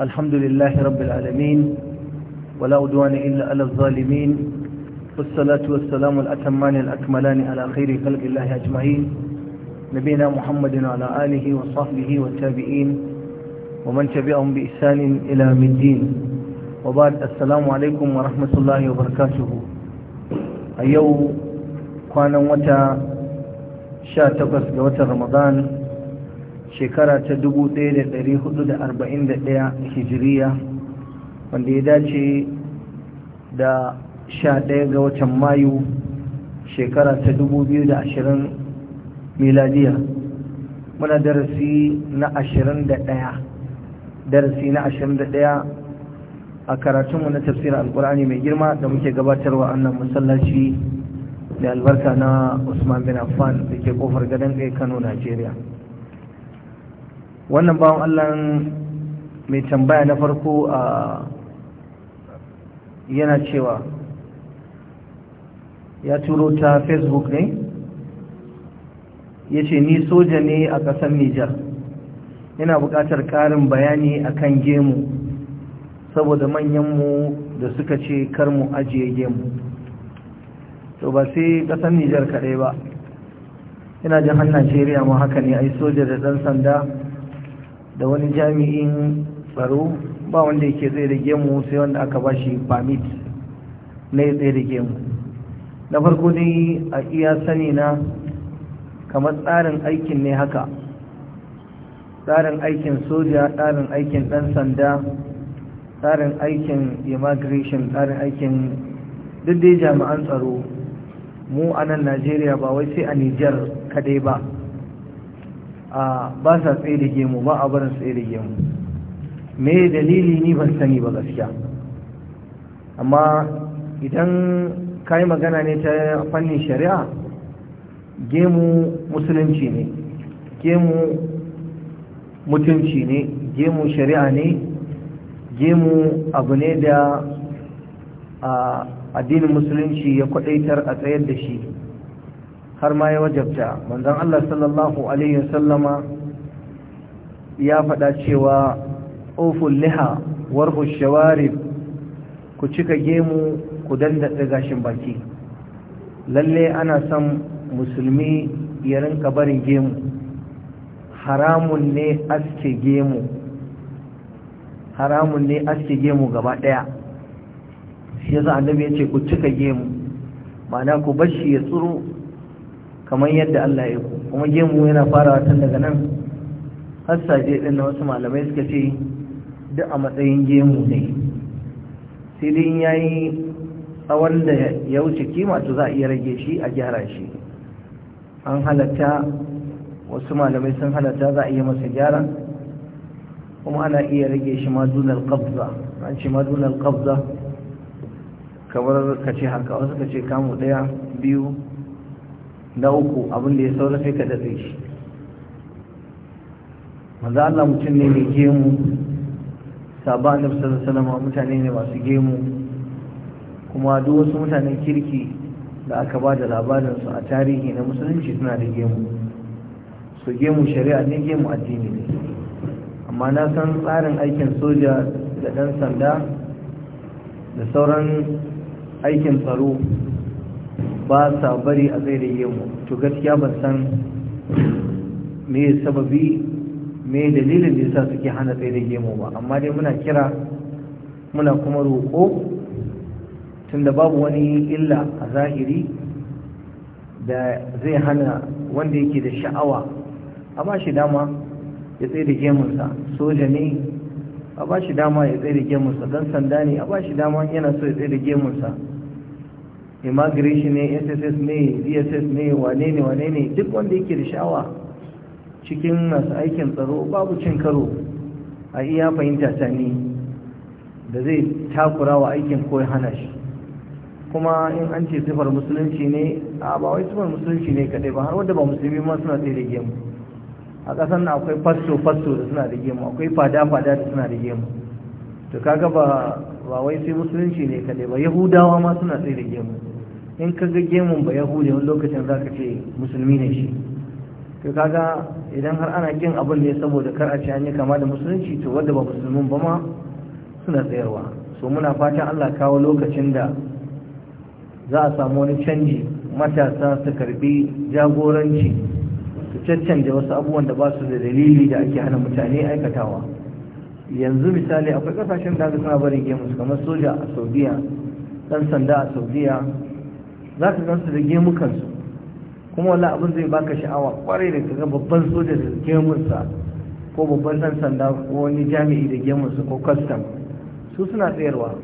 الحمد لله رب العالمين ولا عدوان إلا على الظالمين والصلاة والسلام الأتمان الأكملان على خير خلق الله أجمعين نبينا محمد وعلى آله وصحبه والتابعين ومن تبعهم بإحسان إلى يوم الدين وبعد السلام عليكم ورحمة الله وبركاته أيو كان وتا شاتقس جوة رمضان shekara ta 1441 hijiriya wanda ya dace da 11 ga watan mayu shekara ta 2020 miladiya muna darasi na 21 darasi na 21 a karatunmu na tafsirin alkur'ani mai girma da muke gabatarwa annan masallaci da albarka na usman bin affan da ke kofar gadon kai kano najeriya wannan bawan allah mai tambaya na farko a yana cewa ya turo ta facebook ne ya ce ni soja ne a ƙasar nijar yana buƙatar ƙarin bayani a kan gemu saboda manyanmu da suka ce kar mu ajiye gemu to ba sai ƙasar nijar kaɗai ba yana jihar najeriya ma haka ne a yi soja da ɗan sanda da wani jami'in tsaro ba wanda yake tsaye da gemu sai wanda aka ba shi permit na ya tsaye da gemu na farko dai a iya sani na kamar tsarin aikin ne haka tsarin aikin soja tsarin aikin ɗan sanda tsarin aikin immigration tsarin aikin duk dai jami'an tsaro mu a nan najeriya ba wai sai a nijar kadai ba a ba sa tsaye da gemu ba a barin tsaye gemu me dalili ni ban sani ba gaskiya amma idan ka yi magana ne ta fannin shari'a gemu musulunci ne gemu mutunci ne gemu shari'a ne gemu abu ne da addinin musulunci ya kwadaitar a tsayar da shi har ma ya wajabta manzon Allah sallallahu alaihi wasallama ya faɗa cewa oful liha warbu shawarib ku cika gemu ku dandaɗa gashin baki lalle ana son musulmi ya rinka barin gemu haramun ne aske gemu haramun ne aske gemu gaba ɗaya shi yasa annabi ya ce ku cika gemu ma'ana ku bashi ya tsuru kamar yadda Allah ya kuma gemu yana farawa tun daga nan har saje din na wasu malamai suka ce duk a matsayin gemu ne sai dai yayi tsawon da ya wuce kima to za a iya rage shi a gyara shi an halatta wasu malamai sun halatta za a iya masa gyara kuma ana iya rage shi madunar kabza an ce madunar kabza kamar ka ce haka wasu ka ce kamu daya biyu na uku abin ya saura sai ka datse shi maza Allah mutum ne mai gemu sahaba da sallallahu alaihi mutane ne masu gemu kuma duk wasu mutanen kirki da aka ba da labarinsu a tarihi na musulunci suna da gemu su gemu shari'a ne gemu addini ne amma na san tsarin aikin soja da ɗan sanda da sauran aikin tsaro ba sa bari a tsaye mu to gaskiya ban san me sababi me dalilin da yasa suke hana tsaye gemu ba amma dai muna kira muna kuma roƙo tunda babu wani illa a zahiri da zai hana wanda yake da sha'awa a ba shi dama ya tsaye da gemunsa soja ne a ba shi dama ya tsaye da gemunsa don sanda ne a ba shi dama yana so ya tsaye da gemunsa immigration ne sss ne dss ne wane ne wane ne duk wanda yake da shawa cikin masu aikin tsaro babu cin karo a iya fahimta ta ne da zai takura wa aikin ko hana shi kuma in an ce sifar musulunci ne a ba wai sifar musulunci ne kadai ba har wanda ba musulmi ma suna tsaye da gemu a ƙasar na akwai fasto fasto da suna da gemu akwai fada fada da suna da gemu to kaga ba ba wai sai musulunci ne kade ba yahudawa ma suna tsaye da gemu in ka ga gemun ba yahudi wani lokacin za ka ce musulmi ne shi to kaga idan har ana kin abin ne saboda kar a ce an yi kama da musulunci to wanda ba musulmin ba ma suna tsayarwa so muna fatan Allah kawo lokacin da za a samu wani canji matasa su karbi jagoranci su caccanja wasu abubuwan da ba su da dalili da ake hana mutane aikatawa yanzu misali akwai kasashen da aka suna gemu su kamar soja a saudiya dan sanda a saudiya za ka gansu da kansu kuma wala abin zai baka sha'awa kwarai da kaga babban soja da gemunsa ko babban dan sanda ko wani jami'i da gemunsa ko custom su suna tsayarwa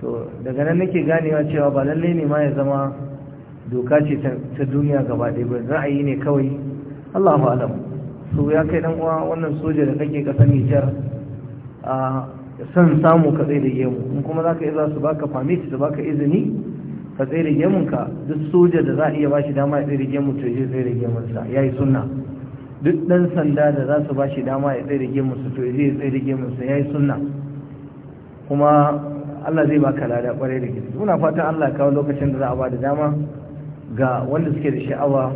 to daga nan nake ganewa cewa ba lallai ne ma ya zama doka ce ta duniya gaba ɗaya ba yi ne kawai Allahu alam ya kai dan uwa wannan soja da kake kasar Nijar san samu ka tsaye da gemu in kuma za ka iya za su baka famit su baka izini ka tsaye da gemunka duk soja da za a iya shi dama ya tsaye da gemun to ya tsaye da gemunsa ya yi sunna duk dan sanda da za su ba shi dama ya tsaye da gemunsa to ya tsaye da gemunsa ya yi sunna kuma Allah zai baka lada kwarai da gaske muna fatan Allah kawo lokacin da za a ba da dama ga wanda suke da sha'awa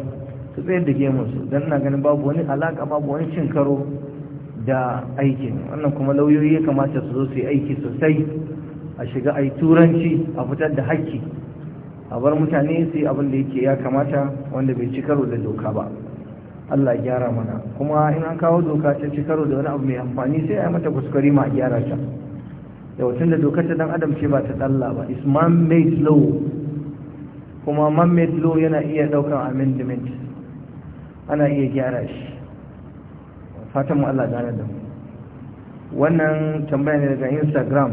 su tsayar da gemunsu don na ganin babu wani alaka babu wani cin karo da aikin wannan kuma lauyoyi ya kamata su zo su yi aiki sosai a shiga a turanci a fitar da haƙƙi a bar mutane su yi abin da yake ya kamata wanda bai ci karo da doka ba Allah gyara mana kuma in an kawo doka ta ci karo da wani abu mai amfani sai a yi mata kuskure ma a gyara ta da wacin da doka ta dan adam ce ba ta tsalla ba is man made law kuma man made law yana iya ɗaukar amendment ana iya gyara shi fatan mu Allah gane da mu wannan tambaya ne daga instagram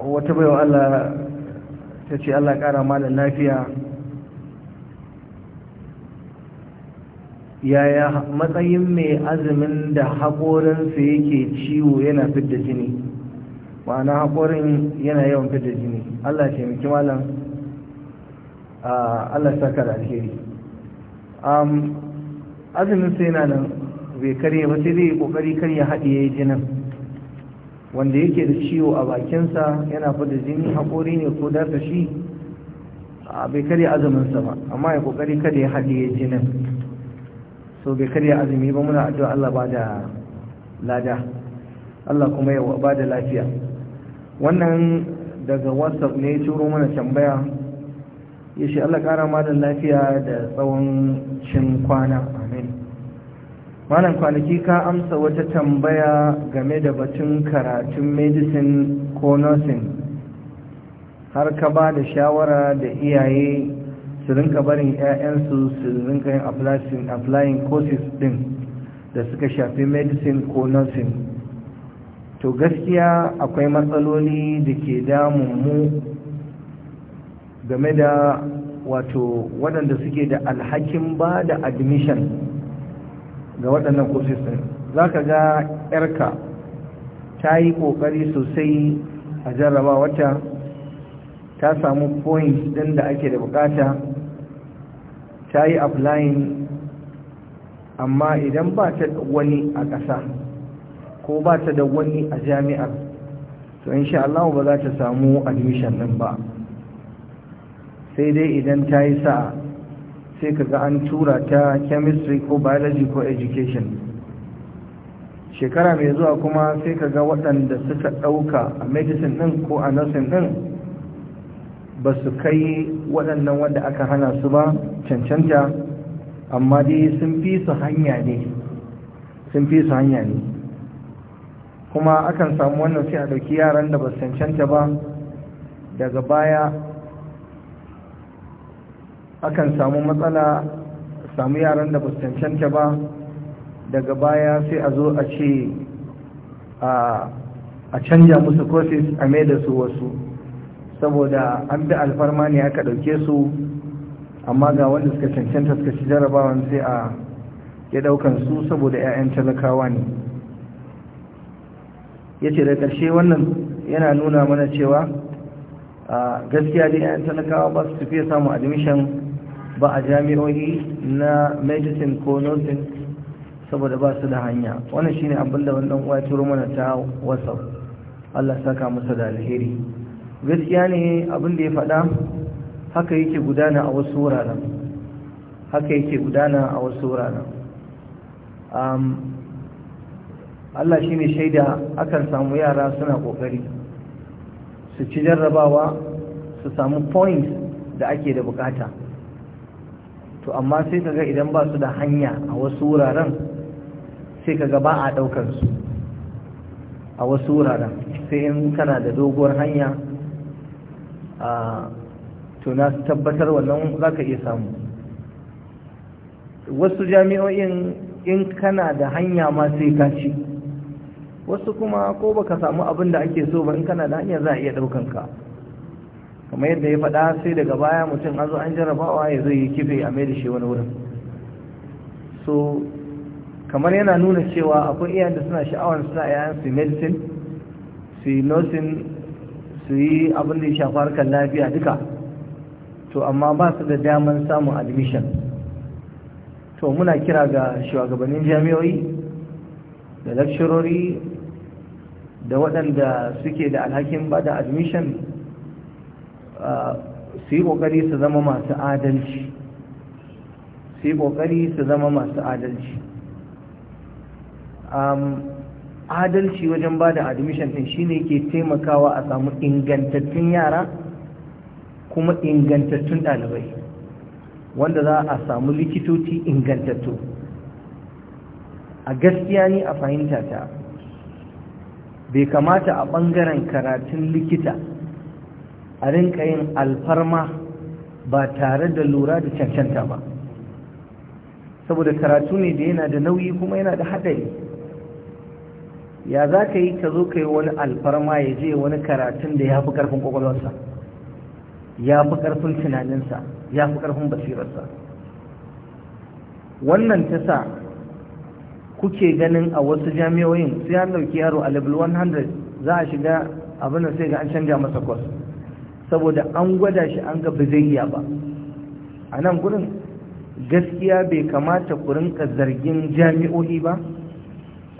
wata baiwa Allah ta ce Allah kara da lafiya yaya matsayin mai azumin da haƙorinsa yake ciwo yana fidda jini ma'ana haƙorin yana yawan fidda jini allah ce miki malam allah saka da alheri azumin sai yana nan bai karye ba sai zai kokari kar ya haɗiye jinin wanda yake da ciwo a bakinsa yana fada jini haƙori ne ko dasa shi a bai karye azuminsa ba amma ya kokari kar ya haɗiye jinin so bai karye azumi ba muna addu'a Allah ba da lada Allah kuma ya ba da lafiya wannan daga whatsapp ne turo mana tambaya ya shi Allah kara ma lafiya da tsawon cin kwana malam kwanaki ka amsa wata tambaya game da batun karatun medicine ko nursing har ka ba da shawara da iyaye su rinka barin 'ya'yansu su rinka yin applying courses din da suka shafi medicine ko nursing to gaskiya akwai matsaloli da ke damun mu game da wato waɗanda suke da alhakin ba da admission ga waɗannan courses ɗin za ka ga ƴarka ta yi ƙoƙari sosai a jarraba wata ta samu points ɗin da ake da buƙata ta yi applying amma idan ba ta da wani a ƙasa ko ba ta da wani a jami'ar to in Allah ba za ta samu admission nan ba sai dai idan ta yi sa'a sai ka ga an tura ta chemistry ko biology ko education shekara mai zuwa kuma sai ka ga waɗanda suka ɗauka a medicine ɗin ko a nursing ɗin ba su kai waɗannan wanda aka hana su ba cancanta amma dai sun fi su hanya ne sun fi su hanya ne kuma akan samu wannan sai a ɗauki yaran da ba su cancanta ba daga baya akan samu matsala samu yaran da ba cancanta ba daga baya sai a zo a ce a canja musu courses a mai da su wasu saboda an bi alfarma ne aka ɗauke su amma ga wanda suka cancanta suka ci jarabawan sai a ya daukan su saboda 'ya'yan talakawa ne ya ce da karshe wannan yana nuna mana cewa gaskiya da 'ya'yan talakawa ba su tafiya samun admission ba a jami'o'i na medicine ko nursing saboda ba su da hanya wannan shine abin da wannan uwa turo mana ta wasa Allah saka masa da alheri gaskiya ne abin da ya faɗa haka yake gudana a wasu wuraren haka yake gudana a wasu wuraren Allah shi ne shaida akan samu yara suna ƙoƙari su ci jarrabawa su samu points da ake da bukata to amma sai kaga idan ba su da hanya a wasu wuraren sai kaga ba a daukar su a wasu wuraren sai in kana da doguwar hanya a to na tabbatar wannan zaka iya samu wasu jami'o'in in kana da hanya ma sai ka ci wasu kuma ko baka samu abin da ake so ba in kana da hanya za a iya daukan ka kamar yadda ya faɗa sai daga baya mutum an zo an jarrabawa ya zai yi kife a mai da shi wani wurin so kamar yana nuna cewa akwai iyayen da suna sha'awar suna yayan su medicine su yi nursing su yi abin da ya shafar kan lafiya duka to amma ba su da daman samun admission to muna kira ga shugabannin jami'oi da lakshirori da waɗanda suke da alhakin ba da admission su yi ƙoƙari su zama masu adalci su yi ƙoƙari su zama masu adalci adalci wajen ba da admission ɗin shine ke taimakawa a samu ingantattun yara kuma ingantattun ɗalibai wanda za a samu likitoci ingantattu a gaskiya ne a fahimta ta bai kamata a ɓangaren karatun likita a rinka yin alfarma ba tare da lura da cancanta ba saboda karatu ne da yana da nauyi kuma yana da haɗari ya za ka yi ka zo ka yi wani alfarma ya je wani karatun da ya fi ƙarfin ƙwaƙwalwarsa ya fi ƙarfin tunaninsa ya fi ƙarfin basirarsa wannan ta sa kuke ganin a wasu jami'oyin sai an ɗauki yaro a level 100 za a shiga abin da sai ga an canja masa kwas saboda an gwada shi an ga bizayya ba a nan gurin gaskiya bai kamata ku rinka zargin jami'o'i ba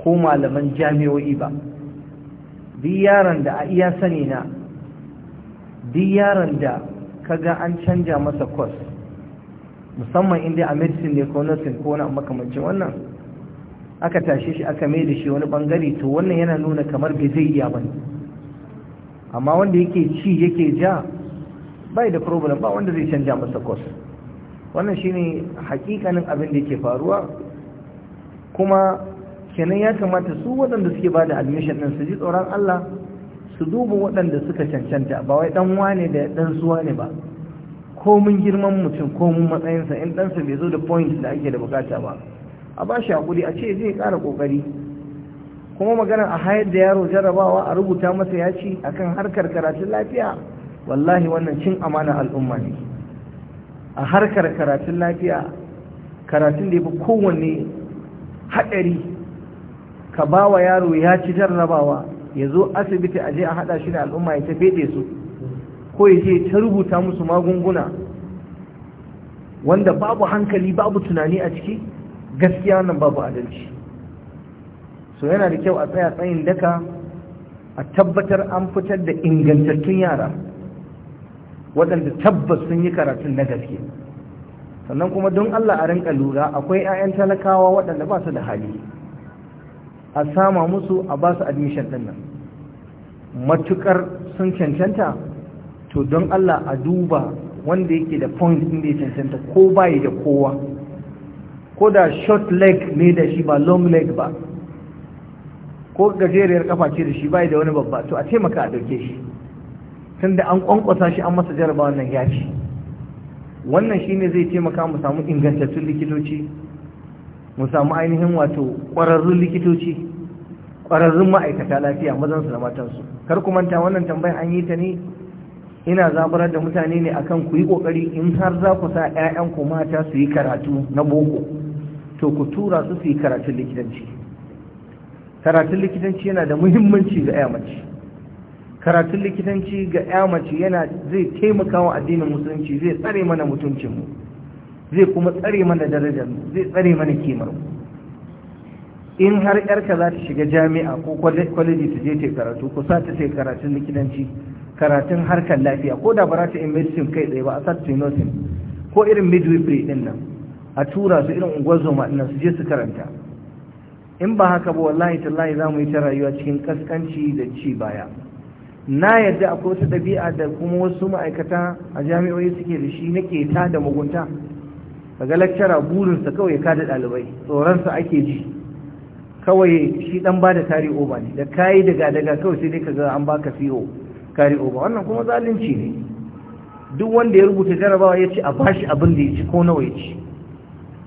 ko malaman jami'o'i ba duk yaron da a iya sani na duk yaron da kaga an canja masa kwas musamman inda a medicine ne ko nursing ko wani makamancin wannan aka tashe shi aka mai da shi wani bangare to wannan yana nuna kamar bai zai iya bane amma wanda yake ci yake ja bai da problem ba wanda zai canja masa course wannan shine hakikanin abin da yake faruwa kuma kenan ya kamata su waɗanda suke ba da admission din su ji tsoron Allah su duba waɗanda suka cancanta ba wai dan wane da ɗan suwa ne ba ko mun girman mutum ko mun matsayinsa in ɗansa bai zo da point da ake da bukata ba a ba shi hakuri a ce zai kara ƙoƙari kuma magana a hayar da yaro jarabawa a rubuta masa ya ci akan harkar karatun lafiya wallahi wannan cin amana al'umma ne a harkar karatun lafiya karatun da ya fi kowanne haɗari ka ba wa yaro ya ci jarrabawa ya zo asibiti a je a haɗa shi da al'umma ya ta feɗe su ko ya je ta rubuta musu magunguna wanda babu hankali babu tunani a ciki gaskiya wannan babu adalci so yana da kyau a tsaya tsayin daka a tabbatar an fitar da ingantattun yara waɗanda tabbas sun yi karatun na gaske sannan kuma don Allah a rinka lura akwai 'ya'yan talakawa waɗanda ba su da hali a sama musu a ba su admission ɗin nan matuƙar sun cancanta to don Allah a duba wanda yake da point ɗin da ya cancanta ko yi da kowa ko da short leg ne da shi ba long leg ba ko gajeriyar kafa ce da shi bai da wani babba to a taimaka a dauke shi tunda an kwankwasa shi an masa jaraba wannan ya ci wannan ne zai taimaka mu samu ingantattun likitoci mu samu ainihin wato ƙwararrun likitoci ƙwararrun ma'aikata lafiya mazansu da matansu kar ku manta wannan tambayar an yi ta ne ina zabarar da mutane ne akan ku yi ƙoƙari in har za ku sa 'ya'yanku mata su yi karatu na boko to ku tura su su yi karatun likitanci karatun likitanci yana da muhimmanci ga mace karatun likitanci ga mace yana zai taimaka wa addinin musulunci zai tsare mana mutuncinmu zai kuma tsare mana darajarmu zai tsare mana kimarmu in har yarka za ta shiga jami'a ko kwaleji ta je ta karatu ko sa ta karatun likitanci karatun harkar lafiya ko da ba za ta yi medicine kai tsaye ba a sa ta ko irin midwifery din nan a tura su irin unguwar zoma su je su karanta in ba haka ba wallahi tallahi za mu yi ta rayuwa cikin kaskanci da ci baya na yadda akwai wata ɗabi'a da kuma wasu ma'aikata a jami'o'i suke da shi na keta da mugunta daga lakcara burinsa kawai ka da ɗalibai tsoronsa ake ji kawai shi ɗan ba da kari oba ne da kayi daga daga kawai sai dai ka ga an baka fiyo kari oba wannan kuma zalunci ne duk wanda ya rubuta jarabawa ya ci a bashi abin da ya ci ko nawa ya ci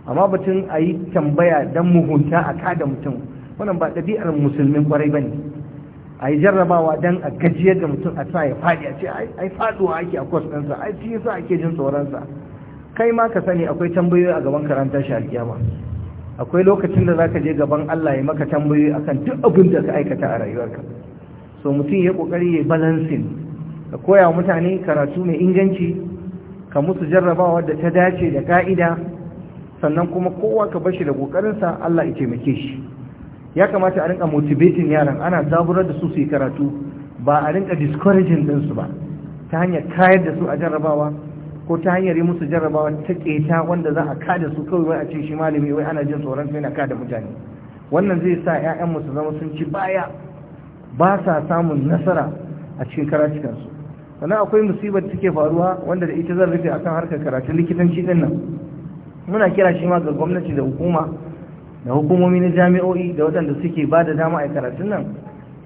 amma batun a yi tambaya don mugunta a kada mutum wannan ba ɗabi'ar musulmin ƙwarai ba ne a yi jarrabawa don a gajiyar da mutum a sa ya faɗi a ce ai faɗuwa ake a kwas ɗinsa ai fiye yasa ake jin tsoronsa kai ma ka sani akwai tambayoyi a gaban karanta shi alƙiyama akwai lokacin da zaka je gaban Allah ya maka tambayoyi akan duk abin da ka aikata a rayuwarka so mutum ya kokari ya balancing ka koya mutane karatu mai inganci ka musu jarrabawa da ta dace da ka'ida sannan kuma kowa ka bashi da kokarinsa Allah ya taimake shi ya kamata a rinka motivating yaran ana zaburar da su su yi karatu ba a rinka discouraging din su ba ta hanyar kayar da su a jarrabawa ko ta hanyar yi musu jarrabawa ta keta wanda za a kada su kawai wai a ce shi malami wai ana jin tsoron sai na kada mutane wannan zai sa ƴaƴan mu su zama sun ci baya ba sa samun nasara a cikin karatukansu sannan akwai musibar da take faruwa wanda da ita zan rufe akan harkar karatun likitanci din nan muna kira shi ma ga gwamnati da hukuma da hukumomi na jami'o'i da waɗanda suke ba da dama a karatun nan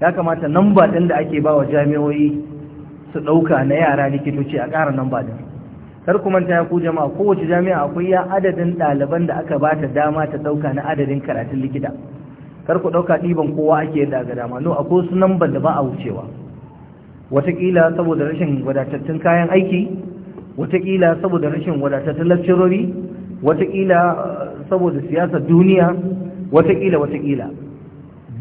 ya kamata nan ɗin da ake ba wa jami'o'i su ɗauka na yara likitoci a ƙara ba ɗin kar ku manta ku jama'a kowace jami'a akwai ya adadin ɗaliban da aka ba ta dama ta ɗauka na adadin karatun likita kar ku ɗauka ɗiban kowa ake yadda ga dama no akwai su namban da ba a wucewa wataƙila saboda rashin wadatattun kayan aiki wataƙila saboda rashin wadatattun lakcirori Wataƙila saboda siyasar duniya watakila wataƙila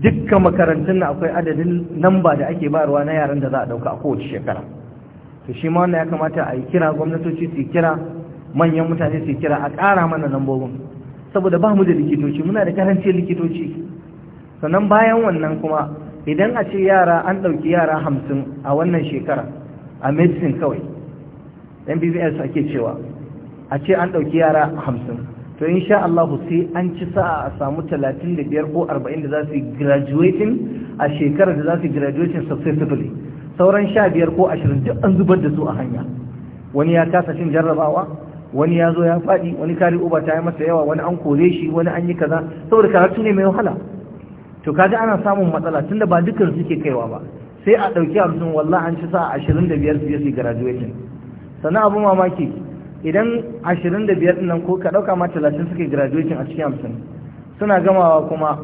dukkan makarantun na akwai adadin lamba da ake bayarwa na yaran da za a dauka a kowace shekara to shi ma wannan ya kamata a yi kira gwamnatoci su kira manyan mutane su kira a ƙara mana lambobin saboda ba mu da likitoci muna da karancin likitoci sannan bayan wannan kuma idan a ce yara an ɗauki yara hamsin a wannan shekara a medicine kawai mbbs ake cewa a ce an ɗauki yara hamsin to sha Allah sai an ci sa'a a samu talatin da biyar ko arba'in da za su yi graduating a shekarar da za su yi graduating successfully sauran sha biyar ko ashirin duk an zubar da su a hanya wani ya kasa cin jarrabawa wani ya zo ya faɗi wani kari uba ta yi masa yawa wani an kore shi wani an yi kaza saboda karatu ne mai wahala to kaga ana samun matsala tunda ba dukkan suke kaiwa ba sai a ɗauki hamsin wallah an ci sa'a biyar su yi graduating sannan abu mamaki idan 25 nan ko ka dauka ma 30 suke graduation a cikin hamsin, suna gamawa kuma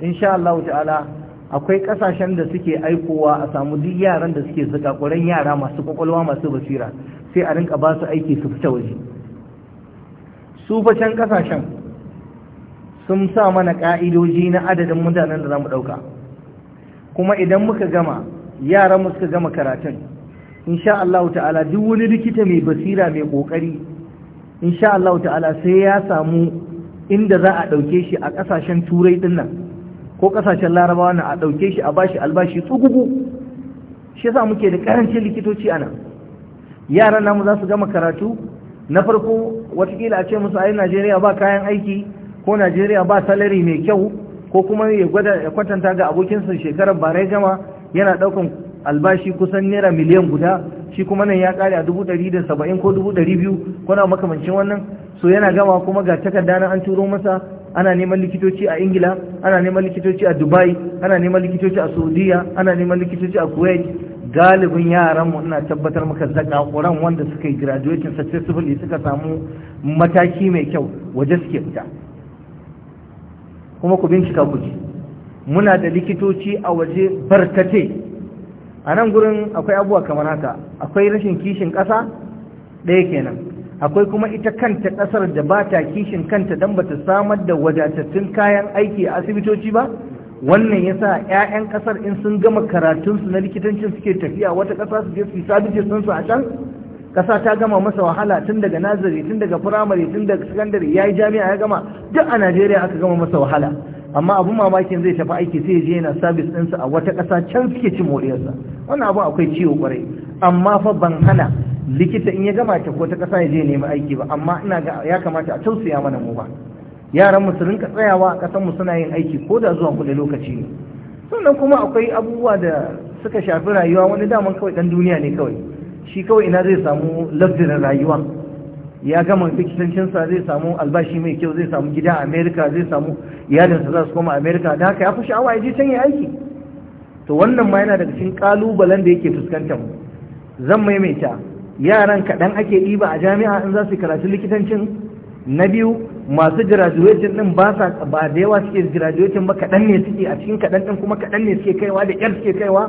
insha Allah ta'ala akwai kasashen da suke aikowa a samu duk yaran da suke zakakuran yara masu kwakwalwa masu basira sai a rinka ba su aiki su fita waje su can kasashen sun sa mana ƙa'idoji na adadin mutanen da za mu dauka kuma idan muka gama yaran mu suka gama karatun insha Allah ta'ala duk wani likita mai basira mai kokari insha Allah ta'ala sai ya samu inda za a dauke shi a kasashen turai din nan ko kasashen larabawa na a dauke shi a bashi albashi tsugugu shi yasa muke da karancin likitoci a nan, yaran namu za su gama karatu na farko watakila a ce musu ai Najeriya ba kayan aiki ko Najeriya ba salari mai kyau ko kuma ya gwada ya kwatanta ga abokinsa shekarar bare gama yana daukan albashi kusan naira miliyan guda shi kuma nan ya kare a dubu ɗari da saba'in ko dubu ɗari biyu kuna makamancin wannan so yana gama kuma ga takarda na an turo masa ana neman likitoci a ingila ana neman likitoci a dubai ana neman likitoci a saudiya ana neman likitoci a kuwait galibin yaran mu ina tabbatar maka zaka kuran wanda suka yi graduation successfully suka samu mataki mai kyau waje suke fita kuma ku bincika ku ji muna da likitoci a waje barkate a nan gurin akwai abuwa kamar haka akwai rashin kishin ƙasa ɗaya kenan akwai kuma ita kanta ƙasar da ba ta kishin kanta don ba ta samar da wadatattun kayan aiki a asibitoci ba wannan ya sa 'ya'yan ƙasar in sun gama karatunsu na likitancin suke tafiya wata ƙasa su je su sabice sun su a can ƙasa ta gama masa wahala tun daga nazari tun daga firamare tun daga sakandare ya yi jami'a ya gama duk a najeriya aka gama masa wahala amma abun mamakin zai tafi aiki sai je yana sabis ɗinsa a wata ƙasa can suke cin moriyarsa wannan abu akwai ciwo kwarai amma fa ban hana likita in ya gama ta ko ta ƙasa ya je nemi aiki ba amma ina ga ya kamata a tausaya mana mu ba yaran mu su rinka tsayawa a ƙasar mu suna yin aiki ko da zuwa kuɗi lokaci ne sannan kuma akwai abubuwa da suka shafi rayuwa wani daman kawai ɗan duniya ne kawai shi kawai ina zai samu lafzirin rayuwa ya gama fikisancinsa zai samu albashi mai kyau zai samu gida a amerika zai samu iyalinsa za su koma amerika da haka ya fi sha'awa ya je can yi aiki to wannan ma yana daga cikin kalubalen da yake fuskantar mu zan maimaita yaran kaɗan ake ɗiba a jami'a in za su karatu likitancin na biyu masu graduation ɗin ba sa ba da yawa suke graduation ba kaɗan ne suke a cikin kaɗan ɗin kuma kaɗan ne suke kaiwa da ƙyar suke kaiwa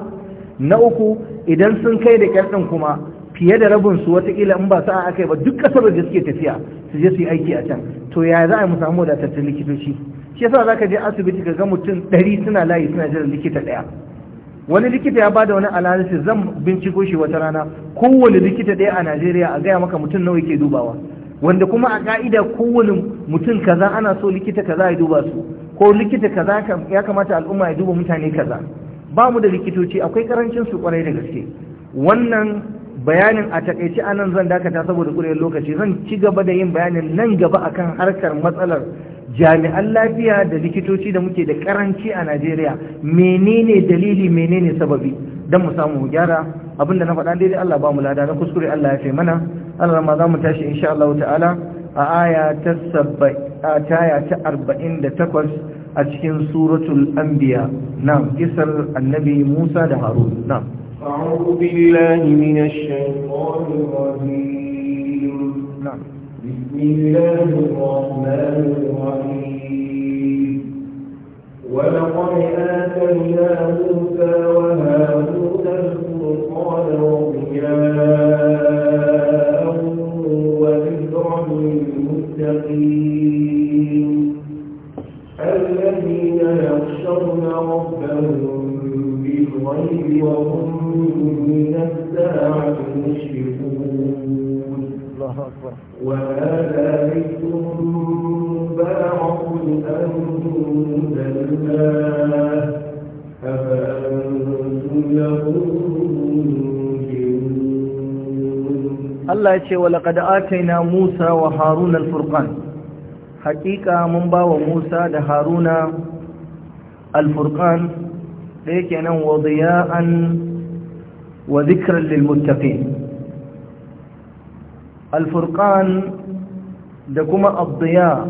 na uku idan sun kai da ƙyar ɗin kuma fiye da rabin su watakila in ba sa'a aka yi ba duk kasar da suke tafiya su je su yi aiki a can to ya za a mu samu wadatattun likitoci shi yasa za ka je asibiti ka ga mutum ɗari suna layi suna jiran likita ɗaya wani likita ya bada wani analysis zan binciko shi wata rana kowane likita ɗaya a najeriya a gaya maka mutum nawa yake dubawa wanda kuma a ka'ida kowane mutum kaza ana so likita kaza ya duba su ko likita kaza ya kamata al'umma ya duba mutane kaza ba mu da likitoci akwai karancin su kwarai da gaske wannan bayanin a takaice a nan zan dakata saboda ƙuriyar lokaci zan ci gaba da yin bayanin nan gaba akan harkar matsalar jami'an lafiya da likitoci da muke da karanci a najeriya menene dalili menene sababi don mu samu gyara abinda na faɗa daidai allah ba mu lada na kuskure allah ya fi mana allah ma za mu tashi insha allah ta'ala a aya ta taya ta arba'in da takwas a cikin suratul anbiya na kisar annabi musa da harun na أعوذ بالله من الشيطان الرجيم نعم بسم الله الرحمن الرحيم ولقد آتينا موسى وهارون الفرقان وضياء وذكرى للمتقين الذين يخشون ربهم بالغيب وهم من الساعة مشركون وما ذلك مبارك أنزلناه أفأنتم يقولون Allah ya ce walaƙada ataina Musa wa Haruna al-Furqan hakika mun bawa Musa da Haruna al-Furqan ɗaya kenan wa diya'an wa zikran lil muttaqin al furqan da kuma abdiya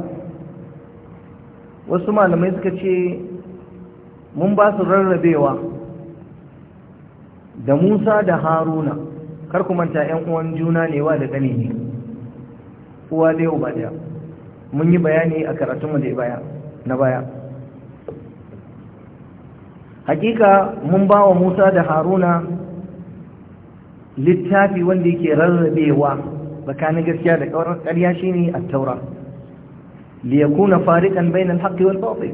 wasu malamai suka ce mun ba su rarrabewa da Musa da Haruna kar ku manta ƴan uwan juna ne wa da gani ne uwa da yau ba da mun yi bayani a karatunmu da baya na baya hakika mun ba wa musa da haruna littafi wanda yake rarrabewa tsakanin gaskiya da ƙarya shine a taura liyakuna fariqan bainal haqqi wal batil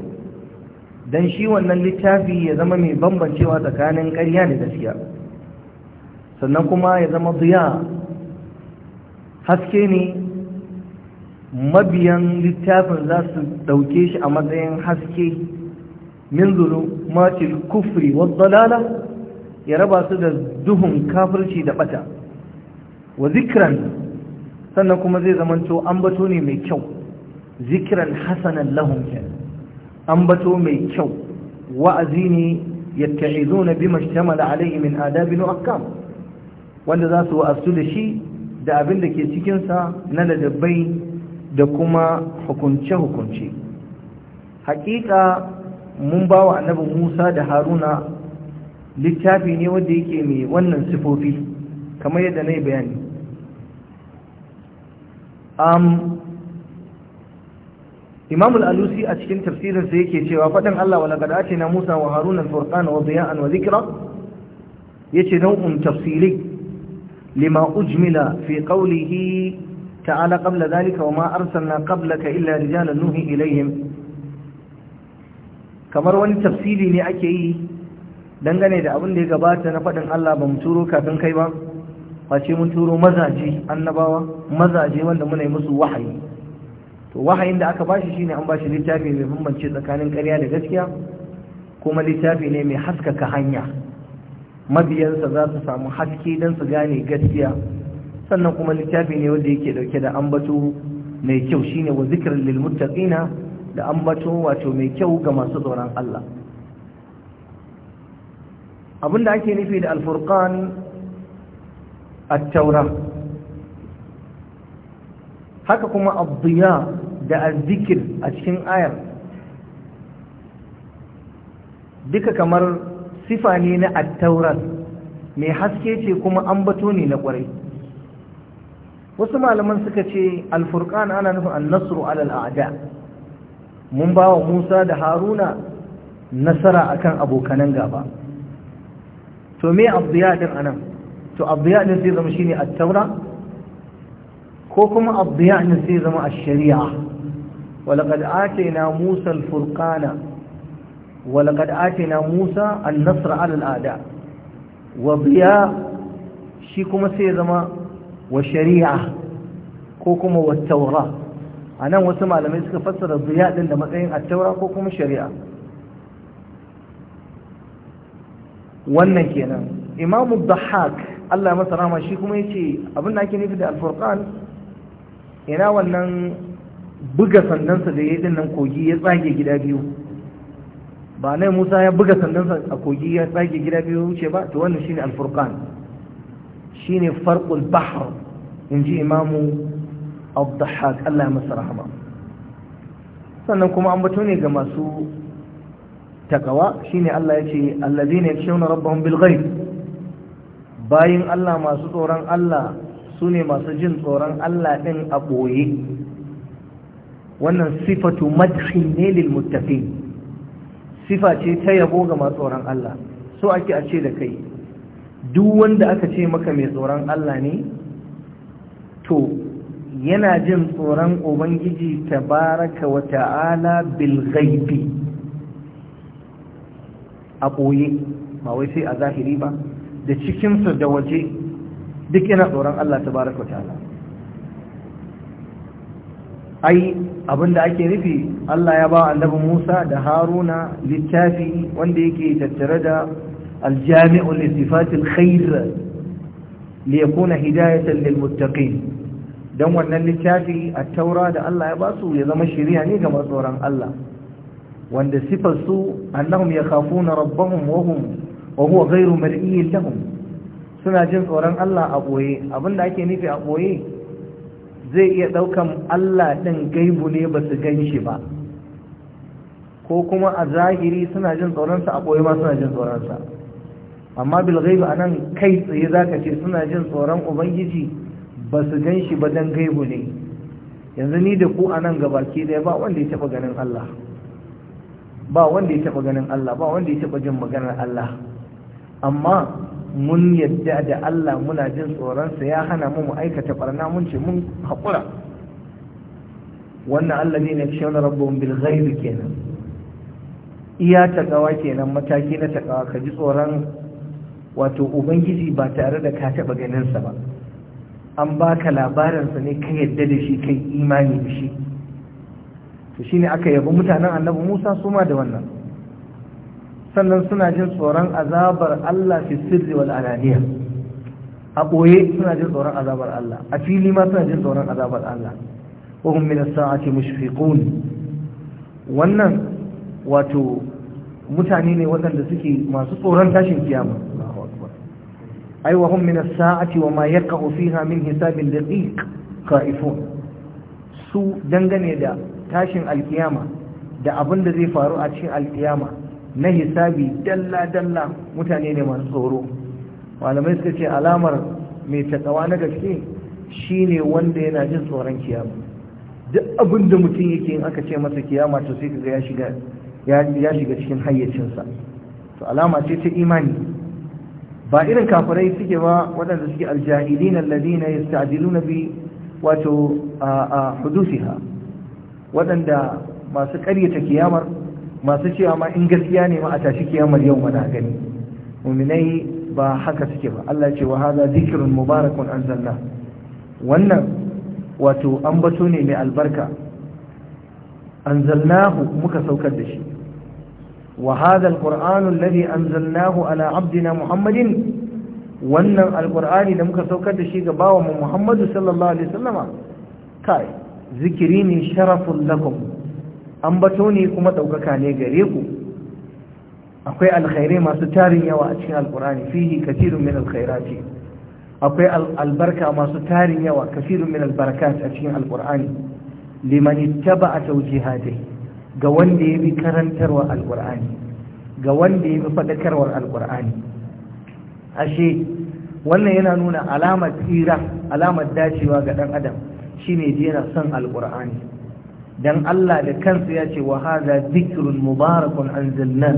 dan shi wannan littafi ya zama mai bambancewa tsakanin ƙarya da gaskiya sannan kuma ya zama ziya haske ne mabiyan littafin za su ɗauke shi a matsayin haske min zulumatil kufri wad dalala ya raba su da duhun kafirci da bata wa zikran sannan kuma zai zamanto ambato ne mai kyau zikran hasanan lahum ambato mai kyau wa'azi ne yatta'izuna bima ishtamala alayhi min adabi wa ahkam wanda za su wa'azu da shi da abin da ke cikin sa na ladabai da kuma hukunce hukunce haƙiƙa mun ba wa annabi musa da haruna littafi ne wanda yake mai wannan sifofi kamar yadda na yi bayani imam al-alusi a cikin tafsirinsa yake cewa faɗin allah wa laƙada na musa wa haruna furqan wa ziya'an wa zikra yace nau'un tafsiri lima ujmila fi qawlihi ta'ala qabla zalika wa ma arsalna qablaka illa rijalan nuhi ilayhim kamar wani tafsiri ne ake yi dangane da abin da ya gabata na faɗin Allah ba mu turo kafin kai ba face mun turo mazaje annabawa mazaje wanda muna yi musu wahayi to wahayin da aka bashi shine an bashi littafi mai bambance tsakanin ƙarya da gaskiya kuma littafi ne mai haskaka hanya mabiyansa za su samu haske don su gane gaskiya sannan kuma littafi ne wanda yake dauke da ambato mai kyau shine wa zikirin lil muttaqina da ambato wato mai kyau ga masu tsoron Allah abinda ake nufi da alfurkan at-taura haka kuma abdiya da azikir a cikin ayar duka kamar sifa ne na at mai haske ce kuma ambato ne na kwarai wasu malaman suka ce alfurkan ana nufin annasru alal'ada ada mun ba wa musa da haruna nasara akan abokanan gaba to me abdiya din anan to abdiya din sai zama shine at-taura ko kuma abdiya din sai zama ash-shari'a walaqad atayna musa al-furqana walaqad atayna musa an-nasra 'ala al-a'da wa biya shi kuma sai zama wa shari'a ko kuma wa taura a nan wasu malamai suka fassara ziya ɗin da matsayin a taura ko kuma shari'a wannan kenan imamu dahak Allah masa rama shi kuma ya ce abin da ake nufi da alfurqan ina wannan buga sandansa da ya yi nan kogi ya tsage gida biyu ba nai Musa ya buga sandansa a kogi ya tsage gida biyu wuce ba to wannan shine alfurkan, shine bahar in inji imamu abdahak Allah ya masa rahama sannan kuma an bato ne ga masu takawa shine Allah yace allazina yakshawna rabbahum bil ghaib bayin Allah masu tsoron Allah sune masu jin tsoron Allah din a boye wannan sifatu madhin ne lil muttaqin sifa ce ta yabo ga masu tsoron Allah so ake a ce da kai duk wanda aka ce maka mai tsoron Allah ne to yana jin tsoron ubangiji tabaraka wa ta'ala bil a ɓoye ba wai sai a zahiri ba da cikinsu da waje duk yana tsoron Allah tabaraka wa ta'ala ai abinda ake nufi Allah ya ba annabi Musa da Haruna littafi wanda yake tattare da aljami'u li sifatil khair li yakuna hidayatan lil muttaqin don wannan littafi a taura da Allah ya basu ya zama shiriya ne ga tsoron Allah wanda sifar su annahum yakhafuna rabbahum wa hum wa huwa ghayru mar'iyyin lahum suna jin tsoron Allah a boye abinda ake nufi a boye zai iya daukan Allah din gaibu ne ba su shi ba ko kuma a zahiri suna jin tsoronsa, a ɓoye ma suna jin tsoronsa. amma bil a anan kai tsaye zaka ce suna jin tsoron ubangiji ba su gan shi ba dan gaibu ne yanzu ni da ku a anan gabaki daya ba wanda ya taba ganin Allah ba wanda ya taba ganin Allah ba wanda ya taba jin maganar Allah amma mun yadda da Allah muna jin tsoronsa ya hana mu mu aikata barna mun ce mun haƙura wannan Allah ne na cikin rabbun bil ghaib kenan iya taƙawa kenan mataki na taƙawa, ka ji tsoron wato ubangiji ba tare da ka taɓa ganinsa ba an baka labarinsa ne kan yadda da shi kan imani da shi to shine aka yaba mutanen annabi Musa su ma da wannan sannan suna jin tsoron azabar Allah fi sirri wal alaniya a boye suna jin tsoron azabar Allah a fili ma suna jin tsoron azabar Allah wa hum min as-sa'ati mushfiqun wannan wato mutane ne waɗanda suke masu tsoron tashin kiyama أي وهم من الساعة وما يقع فيها min hisabin دقيق خائفون su dangane da tashin alkiyama da abin da zai faru a cikin alkiyama na hisabi dalla-dalla mutane ne masu tsoro malamai suka ce alamar mai takawa na gaske shine wanda yana jin tsoron kiyama duk abinda mutum yake in aka ce masa kiyama to sai kaga ya shiga ya shiga cikin hayyacinsa to alama ce ta imani ba irin kafirai suke ba waɗanda suke aljahilin alladina yasta'jiluna bi wato hudusiha waɗanda masu ƙaryata kiyamar masu cewa ma in gaskiya ne ma a tashi kiyamar yau mana gani muminai ba haka suke ba Allah ce wa hadha dhikrun mubarakun anzalna wannan wato an bato ne mai albarka anzalnahu muka saukar da shi وهذا القرآن الذي أنزلناه على عبدنا محمد wannan alkur'ani da muka saukar da shi ga bawanmu muhammadu sallallahu alaihi wasallama kai zikiri ne sharafun lakum ambato ne kuma ɗaukaka ne gare ku akwai alkhairai masu tarin yawa a cikin alkur'ani fihi kathirun min alkhairati akwai albarka masu tarin yawa kathirun min albarakat a cikin alkur'ani liman ittaba tawjihatihi ga wanda ya bi karantarwar alkur'ani ga wanda ya bi faɗakarwar alkur'ani ashe wannan yana nuna alamar tsira alamar dacewa ga ɗan adam shine jera son alkur'ani dan Allah da kansa ya ce wa hadha dhikrun mubarakun anzalna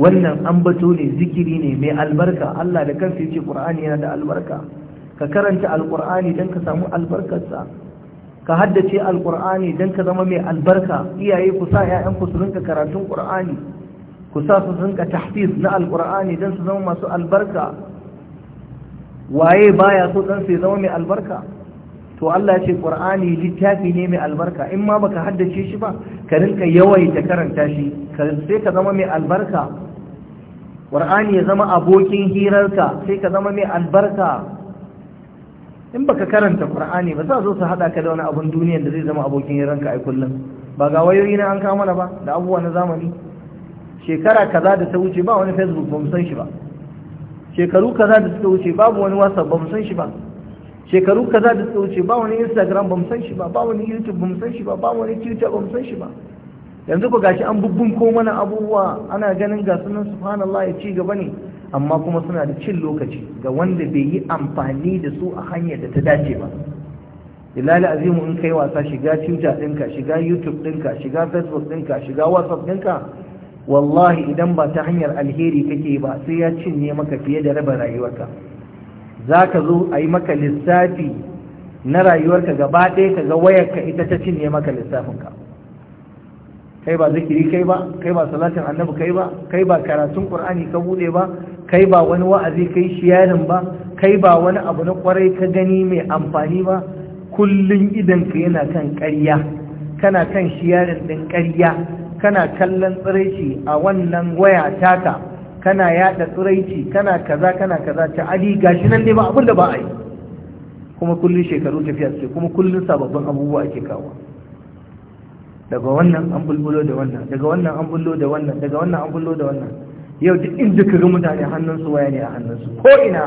wannan ambato ne zikiri ne mai albarka Allah da kansa ya ce ƙur'ani yana da albarka ka karanta alkur'ani dan ka samu albarkarsa ka haddace alkur'ani don ka zama mai albarka iyaye ku sa 'ya'yanku su rinka karatun ƙur'ani ku sa su rinka tahfiz na alkur'ani don su zama masu albarka waye baya so dan sai zama mai albarka to Allah ya ce ƙur'ani littafi ne mai albarka in ma baka haddace shi ba ka rinka yawaita karanta shi sai ka zama mai albarka Ƙur'ani ya zama abokin hirarka sai ka zama mai albarka in baka karanta qur'ani ba za zo su hada ka da wani abun duniyar da zai zama abokin yaranka ai kullum ba ga wayoyi na an kama mana ba da abubuwa na zamani shekara kaza da ta wuce ba wani facebook ba mu san shi ba shekaru kaza da suka wuce babu wani whatsapp ba mu san shi ba shekaru kaza da suka wuce ba wani instagram ba mu san shi ba ba wani youtube ba mu san shi ba ba wani twitter ba mu san shi ba yanzu ku gashi an bubbun ko mana abubuwa ana ganin ga sunan subhanallah ya ci gaba ne amma kuma suna da cin lokaci ga wanda bai yi amfani da su a hanyar da ta dace ba ilali azimu in kai wasa shiga twitter ɗinka shiga youtube ɗinka shiga facebook ɗinka shiga whatsapp ɗinka wallahi idan ba ta hanyar alheri kake ba sai ya cinye maka fiye da raba rayuwarka za ka zo a yi maka lissafi na rayuwarka gaba ɗaya ka ga wayarka ita ta cinye maka lissafinka kai ba zikiri kai ba kai ba salatin annabi kai ba kai ba karatun Kur'ani ka bude ba kai ba wani wa'azi kai shiyarin ba kai ba wani abu na kwarai ka gani mai amfani ba kullum idanka yana kan ƙarya kana kan shiyarin ɗin ƙarya kana kallon tsiraici a wannan waya taka kana yada tsiraici kana kaza kana kaza ta adi gashi nan dai ba abin da ba a yi kuma kullum shekaru tafiya ce kuma kullum sababbin abubuwa ake kawo daga wannan an bulbulo da wannan daga wannan an bullo da wannan daga wannan an bullo da wannan yau duk inda ka ga mutane hannunsu waya ne a hannunsu ko ina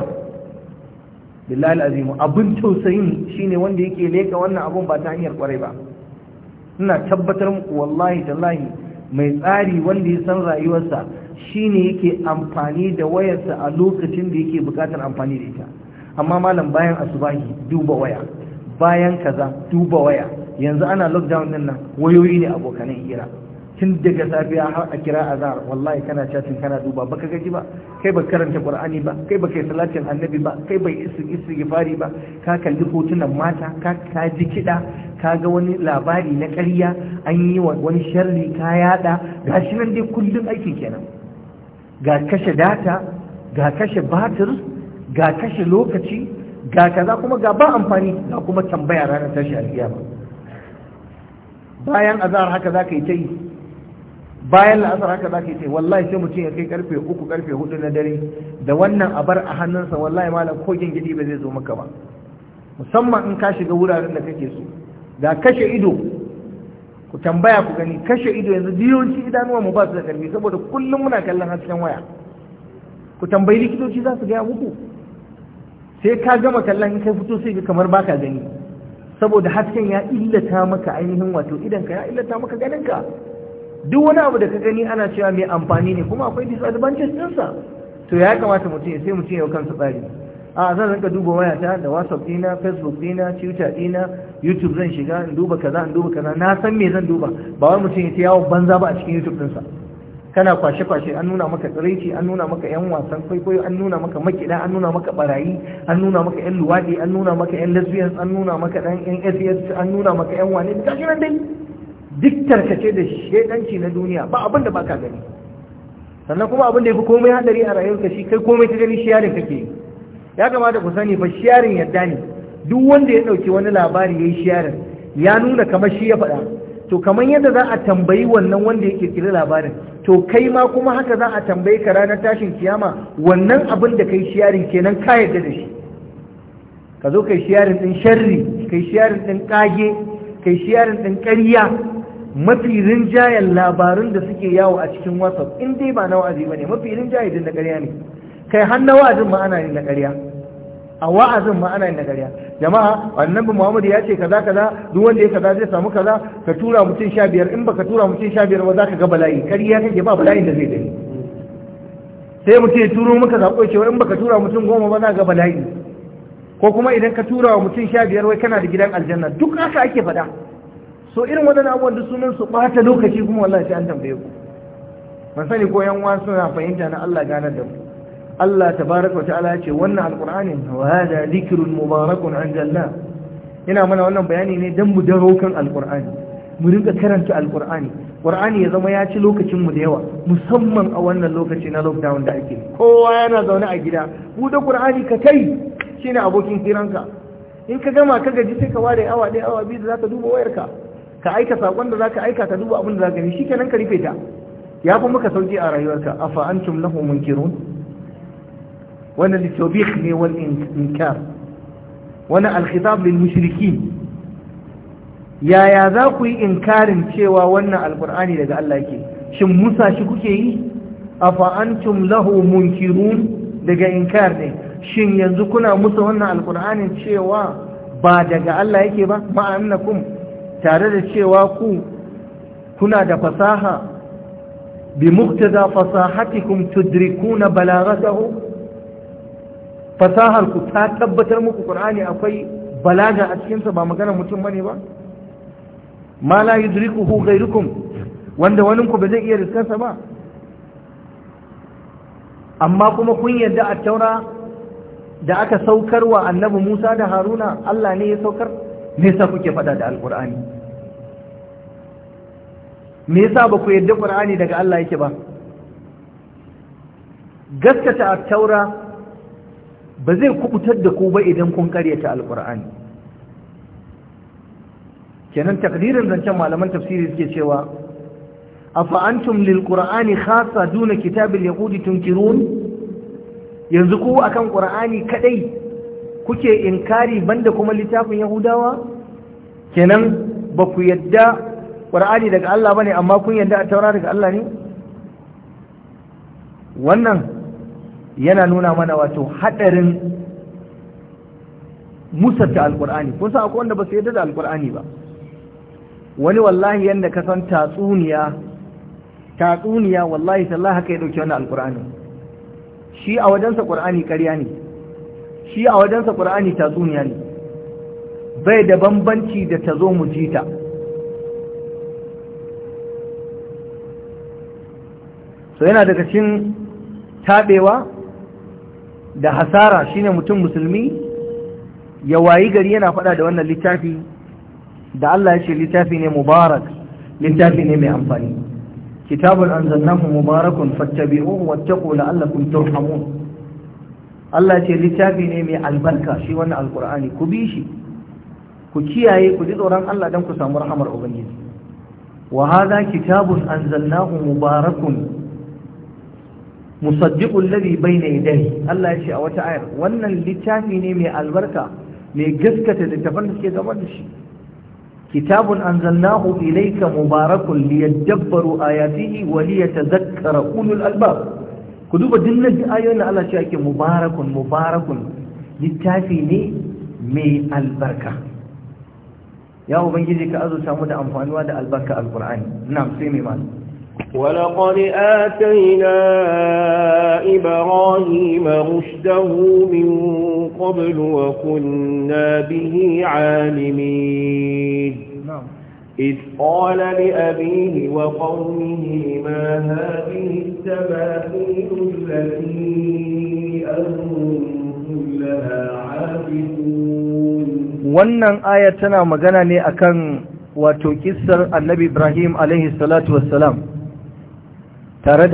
billahi azimu abin tausayin shine wanda yake leka wannan abun ba ta hanyar kwarai ba ina tabbatar muku wallahi tallahi mai tsari wanda ya san rayuwarsa shine yake amfani da wayarsa a lokacin da yake bukatar amfani da ita amma malam bayan asubahi duba waya bayan kaza duba waya yanzu ana lockdown din nan wayoyi ne abokanan kira tun daga safiya har a kira azhar wallahi kana chatin kana duba baka gaji ba kai ba karanta qur'ani ba kai ba kai salatin annabi ba kai bai gifari ba ka kalli hotunan mata ka ka ji kida ka ga wani labari na ƙarya an yi wa wani sharri ka yada gashi nan dai kullun aiki kenan ga kashe data ga kashe batir ga kashe lokaci ga kaza kuma ga ba amfani ga kuma tambaya ranar tashi alkiyama bayan azhar haka zaka yi ta yi bayan la'asar haka za ka ce wallahi sai mutum ya kai karfe uku karfe hudu na dare da wannan abar a hannunsa wallahi malam ko gidi ba zai zo maka ba musamman in ka shiga wuraren da kake so ga kashe ido ku tambaya ku gani kashe ido yanzu diyoci idanuwa mu ba su da karfi saboda kullum muna kallon hasken waya ku tambayi likitoci za su gaya muku sai ka gama kallon in kai fito sai kamar baka gani saboda hasken ya illata maka ainihin wato idan ka ya illata maka ganinka. duk wani abu da ka gani ana cewa mai amfani ne kuma akwai disadvantage dinsa to ya kamata mutum ya sai mutum ya kansa tsari a zan rinka duba wayata da whatsapp dina facebook dina twitter dina youtube zan shiga in duba kaza in duba kaza na san me zan duba ba wai mutum ya ta banza ba a cikin youtube dinsa. kana kwashe-kwashe an nuna maka tsiraici an nuna maka 'yan wasan kwaikwayo an nuna maka makida an nuna maka barayi an nuna maka 'yan luwaɗi an nuna maka 'yan lesbians an nuna maka ɗan 'yan ss an nuna maka 'yan wane da kashi nan dai duk tarkace da shedanci na duniya ba abin da baka gani sannan kuma abin da ya fi komai haɗari a rayuwarka shi kai komai ta gani shiyarin kake yi ya kamata ku sani ba shiyarin yadda ne duk wanda ya ɗauki wani labari ya yi shiyarin ya nuna kamar shi ya faɗa to kamar yadda za a tambayi wannan wanda ya kirkiri labarin to kai ma kuma haka za a tambayi ka ranar tashin kiyama wannan abin da kai shiyarin kenan ka yadda da shi ka zo kai shiyarin ɗin sharri kai shiyarin ɗin ƙage kai shiyarin ɗin ƙarya mafi rinjayen labarun da suke yawo a cikin whatsapp in dai ba na wa'azi ba ne mafi rinjaye din na ƙarya ne kai har na wa'azin ma'ana ne na ƙarya a wa'azin ma'ana ne na ƙarya jama'a bin Muhammadu ya ce kaza kaza duk wanda ya kaza zai samu kaza ka tura mutum sha biyar in ba ka tura mutum sha biyar ba za ka ga bala'i ƙarya kake ba bala'in da zai dani sai mutum ya turo maka zaɓo cewa in ba ka tura mutum goma ba za ka ga bala'i ko kuma idan ka tura wa mutum sha biyar wai kana da gidan aljanna duk haka ake faɗa so irin waɗannan abubuwan da sunan su ɓata lokaci kuma wallahi sai an tambaye ku ban sani ko yan wasu na fahimta na Allah ganar da mu Allah tabaraka wa ta'ala ya ce wannan alqur'ani wa hada dhikrun mubarakun ina mana wannan bayani ne dan mu daro kan alqur'ani mu rinka karanta alqur'ani qur'ani ya zama ya ci lokacin mu da yawa musamman a wannan lokaci na lockdown da ake kowa yana zaune a gida bude qur'ani ka kai shine abokin hiranka in ka gama ka gaji sai ka ware awa ɗaya awa biyu da ka duba wayarka ka aika saƙon da ka aika ta duba abin da za ka yi kenan ka rufe ta ya fi muka sauki a rayuwarka afa na lahu munkirun wani litobik ne wani inkar wani alkhitab lil mushriki yaya za ku yi inkarin cewa wannan alkur'ani daga Allah yake shin musa shi kuke yi afa na lahu munkirun daga inkar ne shin yanzu kuna musa wannan alkur'anin cewa ba daga Allah yake ba kuma. tare da cewa ku kuna da fasaha bi muktaza fasahatikum tudrikuna balagatahu fasahar ku ta tabbatar muku qur'ani akwai balaga a cikin sa ba magana mutum bane ba ma la yudrikuhu ghayrukum wanda wani ku ba zai iya riskarsa ba amma kuma kun yadda a taura da aka saukarwa annabi Musa da Haruna Allah ne ya saukar me yasa kuke faɗa da alƙur'ani me yasa ba ku yarda qur'ani daga Allah yake ba gaskata a taura ba zai kubutar da ku ba idan kun ta alƙur'ani kenan takdirin zancen malaman tafsiri suke cewa afa antum lil qur'ani khassa duna kitabil yahudi tunkirun yanzu ku akan qur'ani kadai kuke inkari banda kuma littafin yahudawa kenan ba ku yadda ƙwar'ani daga Allah ba amma kun yadda a taura daga Allah ne wannan yana nuna mana wato haɗarin al alƙwar'ani kun san akwai wanda ba su yadda da alƙwar'ani ba wani wallahi yadda ka san tatsuniya tatsuniya wallahi sallah haka ya ɗauki wani alƙwar'ani shi a wajensa ƙwar'ani ƙarya ne shi a wajensa ƙur'ani tatsuniya ne bai da bambanci da ta zo mu ji ta so yana daga cin taɓewa da hasara shine mutum musulmi ya wayi gari yana faɗa da wannan littafi da Allah ya ce littafi ne mubarak littafi ne mai amfani kitabun anzalnahu mubarakun fattabi'uhu wattaqu la'allakum turhamun Allah ce littafi ne mai albarka shi wannan alkur'ani ku bi shi ku kiyaye ku ji tsoron Allah dan ku samu rahamar ubangiji wa hadha kitabun anzalnahu mubarakun musaddiqul ladhi bayna yadayhi Allah ya ce a wata ayar wannan littafi ne mai albarka mai gaskata littafin da suke gaban da shi kitabun anzalnahu ilayka mubarakun liyadabbaru ayatihi wa liyatadhakkara ulul albab ku duba dinnan ayoyin da Allah ya ce mubarakun mubarakun littafi ne mai albarka ya ubangiji ka azurta samu da amfaniwa da albarka alqur'ani ina sai mai mal ولقد آتينا إبراهيم رشده من قبل وكنا به عالمين إذ قال لأبيه وقومه ما هذه التماثيل التي أنتم لها عابدون wannan aya tana magana ne akan wato kissar annabi Ibrahim alaihi salatu wassalam tare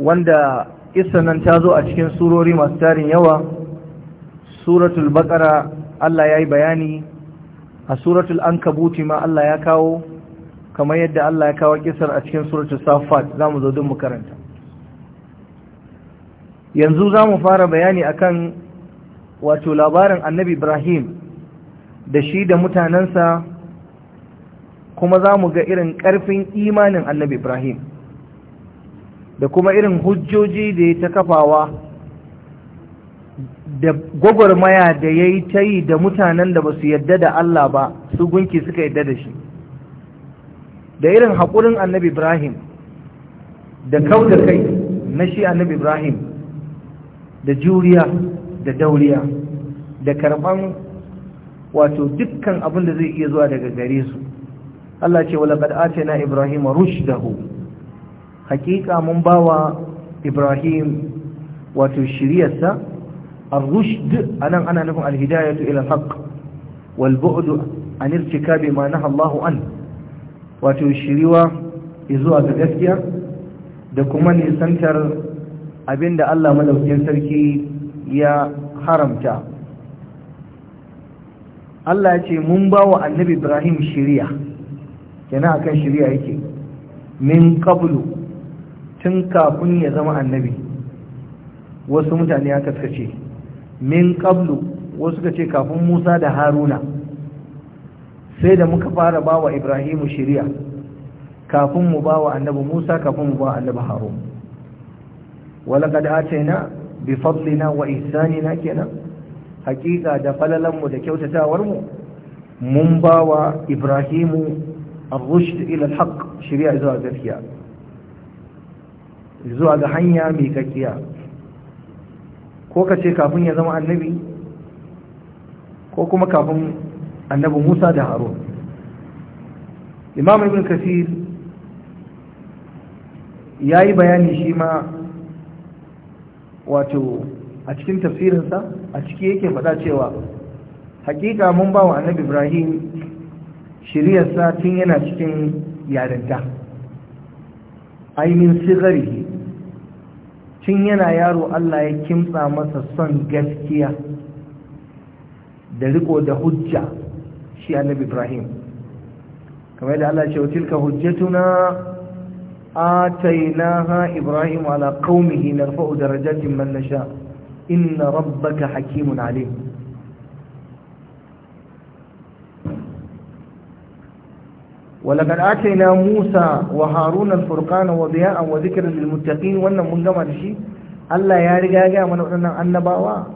wanda kissan nan ta zo a cikin surori masu tarin yawa suratul baqara Allah ya yi bayani a suratul ankabuti ma Allah ya kawo kamar yadda Allah ya kawo kisar a cikin suratul safat mu zo duk mu karanta yanzu za mu fara bayani akan wato labarin annabi Ibrahim da shi da mutanensa kuma za mu ga irin karfin imanin annabi Ibrahim da kuma irin hujjoji da ya ta kafawa da gwagwarmaya da ya yi ta yi da mutanen da ba su yadda da Allah ba su gunki suka yadda da shi da irin haƙurin annabi ibrahim da kau da kai na shi annabi ibrahim da juriya da dauriya da karɓan wato dukkan abin da zai iya zuwa daga gare su Allah ce wala Ibrahim atayna da rushdahu hakika mun bawa ibrahim wato shiriyarsa الرشد أنا أنا نفهم الهداية إلى الحق والبعد عن ارتكاب ما نهى الله عنه وتشريوا إزوء بالأسكية دكمان يسنتر أبين دا الله ملو جنسركي يا حرمتا الله يتي منبا والنبي إبراهيم شريع كنا أكن شريع يتي من قبل تنكا كن يزم النبي wasu mutane aka ce min qablu wasu suka ce kafin Musa da Haruna sai da muka fara bawa Ibrahimu shari'a kafin mu bawa annabi Musa kafin mu bawa annabi Harun walaqad atayna bi fadlina wa ihsanina kenan hakika da falalan mu da kyautatawarmu? mu mun bawa Ibrahimu ar-rushd ila al-haqq shari'a zuwa gaskiya zuwa ga hanya mai ko ka ce kafin ya zama annabi ko kuma kafin annabi musa da harun imam ibn kasir ya yi bayani shi ma wato a cikin tafsirinsa a ciki yake faɗa cewa hakika mun ba wa annabi ibrahim shiriyarsa tun yana cikin yarinta min sigari tun yana yaro Allah ya kimtsa masa son gaskiya da riko da hujja shi annabi Ibrahim kamar da Allah ya ce wa tilka hujjatuna atainaha Ibrahim ala qaumihi narfa'u darajatin man nasha inna rabbaka hakimun alim ولقد wa موسى وهارون الفرقان وضياء وذكر للمتقين wannan من gama da shi Allah ya riga ya mana wadannan annabawa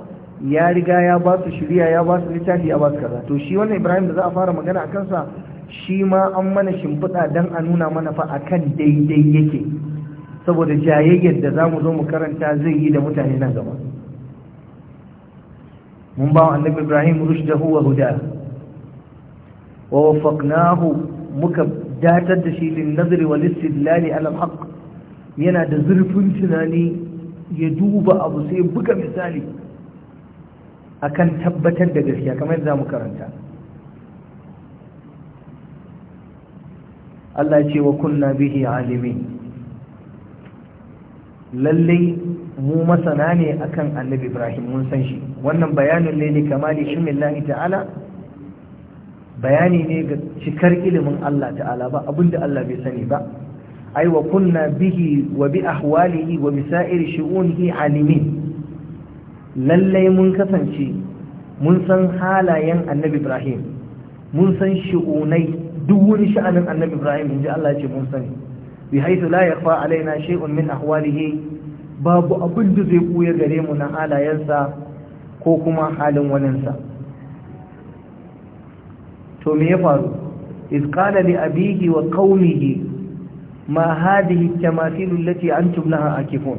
ya riga ya ba su shiriya ya ba su littafi ya ba su kaza to shi wannan Ibrahim da za a fara magana akan sa shi ma an mana shimfiɗa dan a nuna mana fa akan daidai yake saboda jayayyar da zamu zo mu karanta zai yi da mutane nan gaba mun bawa annabi Ibrahim rushdahu wa huda wa waffaqnahu muka datar da shi lin nazari wal istidlali ala alhaq yana da zurfin tunani ya duba abu sai buga misali akan tabbatar da gaskiya kamar yadda mu karanta Allah ce wa kunna bihi alimi. lallai mu masana ne akan annabi Ibrahim mun san shi wannan bayanin ne ne kamali shimillahi ta'ala bayani ne ga cikar ilimin Allah ta'ala ba abinda Allah bai sani ba ai wa kunna bihi wa bi ahwalihi wa bi sa'iri shu'unihi alimin lallai mun kasance mun san halayen annabi Ibrahim mun san shu'unai duk wani sha'anin annabi Ibrahim inji Allah ce mun sani bi haythu la yakhfa alaina shay'un min ahwalihi babu abin da zai buya gare mu na halayensa ko kuma halin waninsa to me ya faru iz qala li abihi wa qaumihi ma hadhihi tamathil allati antum laha akifun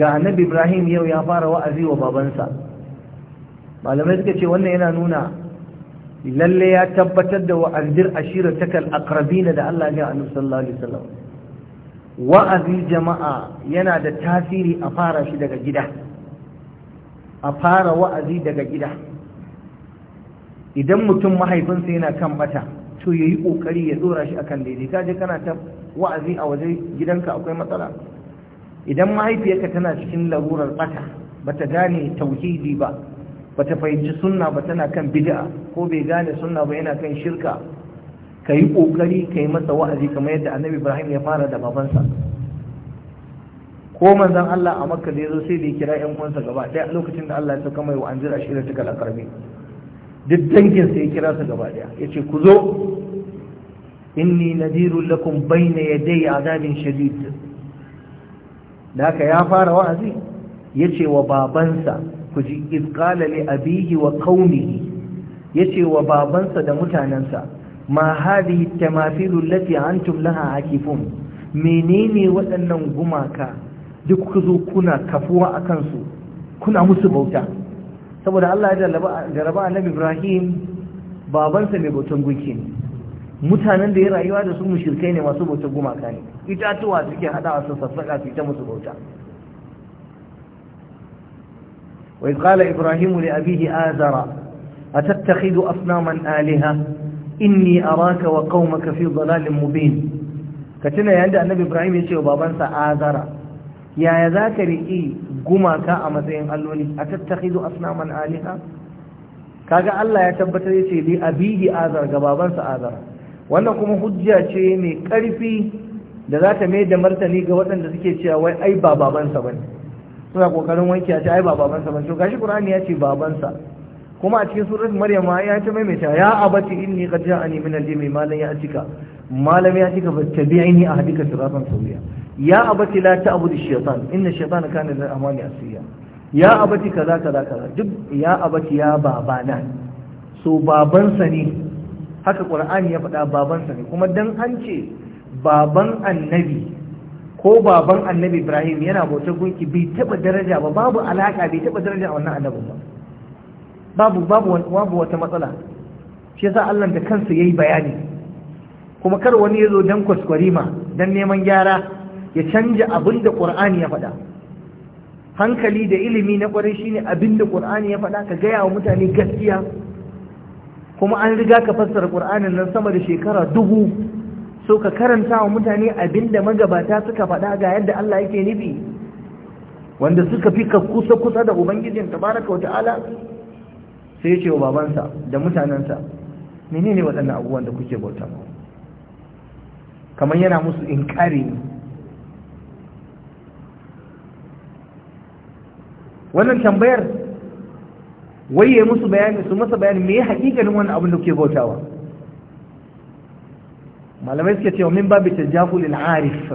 ga ibrahim yau ya fara wa'azi wa babansa malamai suka ce wannan yana nuna lalle ya tabbatar da wa'azir ashiratakal aqrabina da Allah ya annabi sallallahu alaihi wasallam wa'azi jama'a yana da tasiri a fara shi daga gida a fara wa'azi daga gida idan mutum mahaifinsa yana kan bata to ya yi ƙoƙari ya tsora shi akan daidai je kana ta wa'azi a waje gidanka akwai matsala idan mahaifiyarka tana cikin larurar bata bata gane tauhidi ba bata fahimci sunna ba tana kan bid'a ko bai gane sunna ba yana kan shirka ka yi ƙoƙari ka yi masa wa'azi kamar yadda annabi ibrahim ya fara da babansa ko manzon Allah a makka da ya zo sai da ya kira 'yan uwansa gaba ɗaya lokacin da Allah ya sauka mai wa ta ta aqrabin duk danginsa ya kira su gaba daya ya ce ku zo inni nadirun lakum bayna yaday azabin shadid da ya fara wa'azi ya ce wa babansa ku ji izkala li abihi wa qaumihi ya wa babansa da mutanansa, ma hadhihi tamathilu allati antum laha akifun menene waɗannan gumaka duk ku zo kuna kafuwa akan su kuna musu bauta saboda Allah ya jaraba annabi Ibrahim babansa mai bautan ne. mutanen da ya rayuwa da su mushrikai ne masu bautan gumaka ne itatuwa suke hadawa su sassaka su ta musu bauta wa qala ibrahim li abihi azara Aliha. asnaman alaha inni araka wa qaumaka fi dhalalin mubin katina yanda annabi Ibrahim ya ce wa babansa azara yaya zaka riki gumaka a matsayin alloli a tattakhizu asnaman aliha kaga Allah ya tabbatar yace li abihi azar ga babansa azar wannan kuma hujja ce mai karfi da za ta da martani ga waɗanda suke cewa wai ai ba babansa bane suna kokarin wanki a ce ai ba babansa bane to gashi Qur'ani ya ce babansa kuma a cikin surat Maryam ya ce maimaita ya abati inni qad ja'ani min al-ilmi ma lam ya'tika malami ya cika ni a hadika siratan sauriya ya abati la ta'budu shaytan inna shaytana da lil amali siya ya abati kaza kaza kaza duk ya abati ya babana so babansa ne haka qur'ani ya faɗa babansa ne kuma dan an ce baban annabi ko baban annabi ibrahim yana bauta gunki bai taba daraja ba babu alaka bai taba daraja a wannan annabin ba babu babu babu wata matsala shi yasa Allah da kansa yayi bayani kuma kar wani ya zo don kwaskwarima don neman gyara ya canja abin da ƙur'ani ya faɗa hankali da ilimi na ƙwarai shine abin da ƙur'ani ya faɗa ka gaya wa mutane gaskiya kuma an riga ka fassara ƙur'anin nan sama da shekara dubu so ka karanta wa mutane abin da magabata suka faɗa ga yadda Allah yake nufi wanda suka fi ka kusa kusa da ubangijin tabaraka wa ta'ala sai ya ce wa babansa da mutanensa menene waɗannan abubuwan da kuke bauta kamar yana musu inkari ne wannan tambayar wai waye musu bayani su masa bayani me haƙiƙanin wannan abin da kuke bautawa malamai suke cewa min babu al arif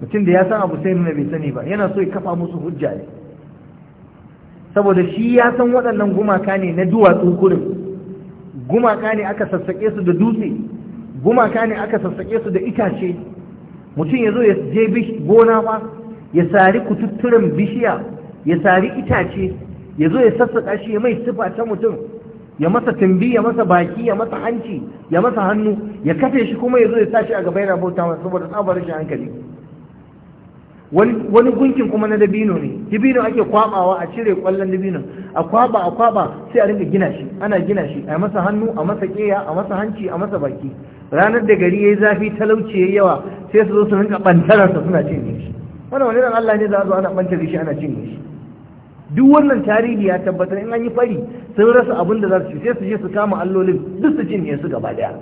mutum da ya san abu sai nuna bai sani ba yana so ya kafa musu hujja ne saboda shi ya san waɗannan gumaka ne na duwatsu kurin gumaka ne aka sassaƙe su da dutse gumaka ne aka sassaƙe su da itace mutum ya zo ya je gona ba ya sari kututturan bishiya ya sari itace ya zo ya sassaƙa shi ya mai sifa ta mutum ya masa tumbi ya masa baki ya masa hanci ya masa hannu ya kafe shi kuma ya zo ya sashi a gaba yana bauta masa saboda tsabar rashin hankali wani gunkin kuma na dabino ne dabino ake kwabawa a cire kwallon dabino a kwaba a kwaba sai a rinka gina shi ana gina shi a masa hannu a masa keya a masa hanci a masa baki ranar da gari yayi zafi talauci yayi yawa sai su zo su rinka bantarar suna cinye shi Wani wani Allah ne za a zo ana ɓantar shi ana cinye shi duk wannan tarihi ya tabbatar in an yi fari sun rasa abin da za su ci sai su je su kama allolin duk su cinye su gaba daya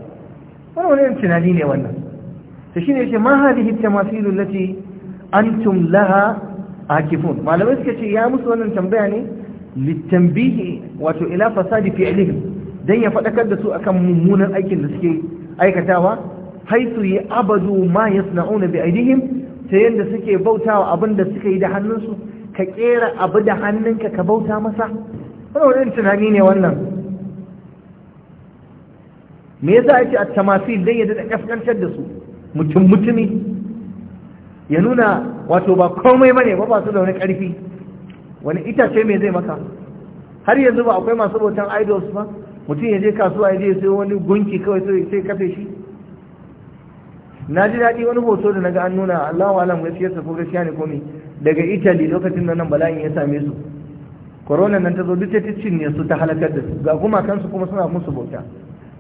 wannan wani tunani ne wannan to shine yace ma hadhihi tamasilu allati antum laha akifun malamai suka ce ya musu wannan tambaya ne litanbihi wato ila fasadi fi'lihim dan ya faɗakar da su akan mummunan aikin da suke aikatawa haitu yi abadu ma ya auna bi aidihim ta yadda suke bautawa abin da suka yi da hannunsu ka kera abu da hannunka ka bauta masa wani wani tunani ne wannan me yasa ake a tamasil dai ya daɗa ƙasƙantar da su mutum mutumi ya nuna wato ba komai bane ba ba su da wani ƙarfi wani itace me zai maka har yanzu ba akwai masu bautan idols ba mutum ya je kasuwa ya je sai wani gunki kawai sai kafe shi na ji daɗi wani hoto da naga an nuna Allahu alam ya sa ko gaskiya ne ko daga Italy lokacin da nan bala'in ya same su corona nan ta zo duk ta cinye su ta halakar da su ga gumakan su kuma suna musu bauta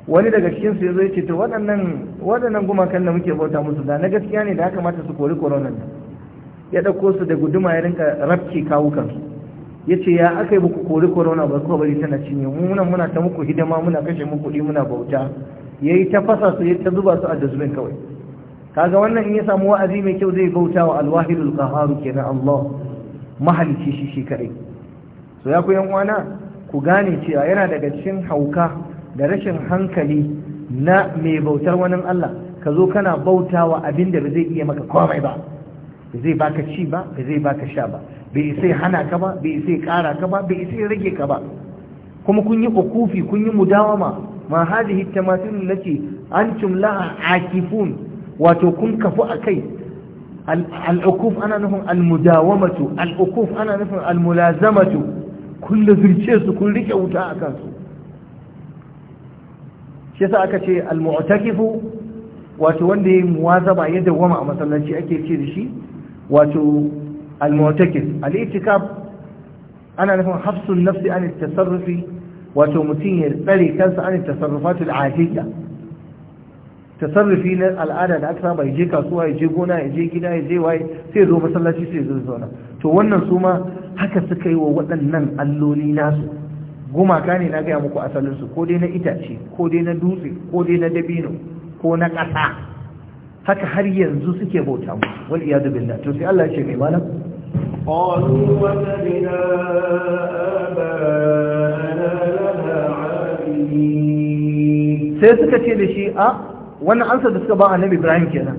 wani daga cikin su yazo ce to waɗannan waɗannan gumakan da muke bauta musu da na gaskiya ne da ya kamata su kori corona ya ɗauko su da guduma ya rinka rafke kawukan su ya ce ya aka yi muku kori korona ba kuma bari tana cinye muna muna ta muku hidima muna kashe muku kuɗi muna bauta ya yi ta fasa su ya ta zuba su a dazbin kawai kaga wannan in ya samu wa'azi mai kyau zai bauta wa alwahidul qaharu kenan Allah mahalici shi shi kadai so ya ku yan uwana ku gane cewa yana daga cikin hauka da rashin hankali na mai bautar wani Allah ka zo kana bautawa abin da ba zai iya maka komai ba Bazai zai baka ci ba ba zai baka sha ba bai sai hana ka ba bai sai kara ka ba bai sai rage ka ba kuma kun yi ukufi kun yi mudawama ma hadhihi tamathil lati antum la akifun wato kun kafu akai al-ukuf ana nufin al-mudawamatu al-ukuf ana nufin al-mulazamatu kun lazirce su kun rike wuta akan su shi yasa aka ce al-mu'takifu wato wanda ya yi muwazaba ya dawwama a masallaci ake ce da shi wato al-mu'takif al-i'tikaf ana nufin hafsun nafsi an at-tasarrufi wato mutum ya tsare kansa an at-tasarrufat al-'adiyya tasarrufi na al'ada da aka saba ya je kasuwa ya je gona ya je gida ya je waye sai zo masallaci sai zo zauna to wannan su ma haka suka yi wa waɗannan alloli nasu gumaka ne na gaya muku asalinsu ko dai na itace ko dai na dutse ko dai na dabino ko na ƙasa haka har yanzu suke bauta mu wal iyad billah to sai Allah ya ce kai malam qalu wa tadina abana lana abidin sai suka ce da shi a ah, wannan ansa da suka ba annabi Ibrahim kenan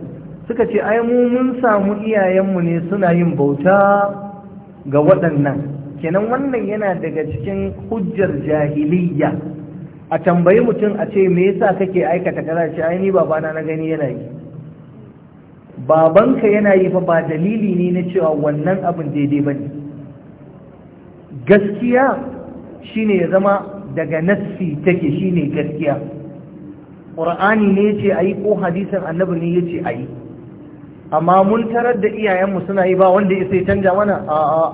suka ce ai mu mun samu iyayenmu ne suna yin bauta ga waɗannan kenan wannan yana daga cikin hujjar jahiliyya a tambayi mutum a ce me yasa kake aikata kaza ce ai ni babana na gani yana yi babanka yana yi fa ba dalili ne na cewa wannan abin daidai ba ne gaskiya ne ya zama daga nassi take ne gaskiya ƙur'ani ne ce a yi ko hadisan annabi ne ya ce a yi amma mun tarar da iyayenmu suna yi ba wanda ya sai canja mana a a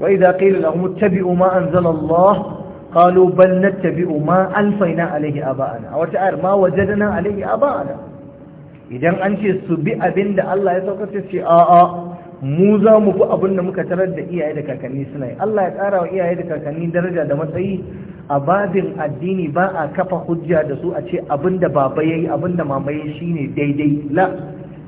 wa idza qila lahum ittabi'u ma anzala Allah qalu bal ma alfayna alayhi aba'ana a wata ayar ma wajadna alayhi aba'ana idan an ce su bi abin da Allah ya saukar ce a'a mu za mu fi abin da muka tarar da iyaye da kakanni suna yi Allah ya tsara wa iyaye da kakanni daraja da matsayi a babin addini ba a kafa hujja da su a ce abin da baba ya yi abin da mama ya shi ne daidai la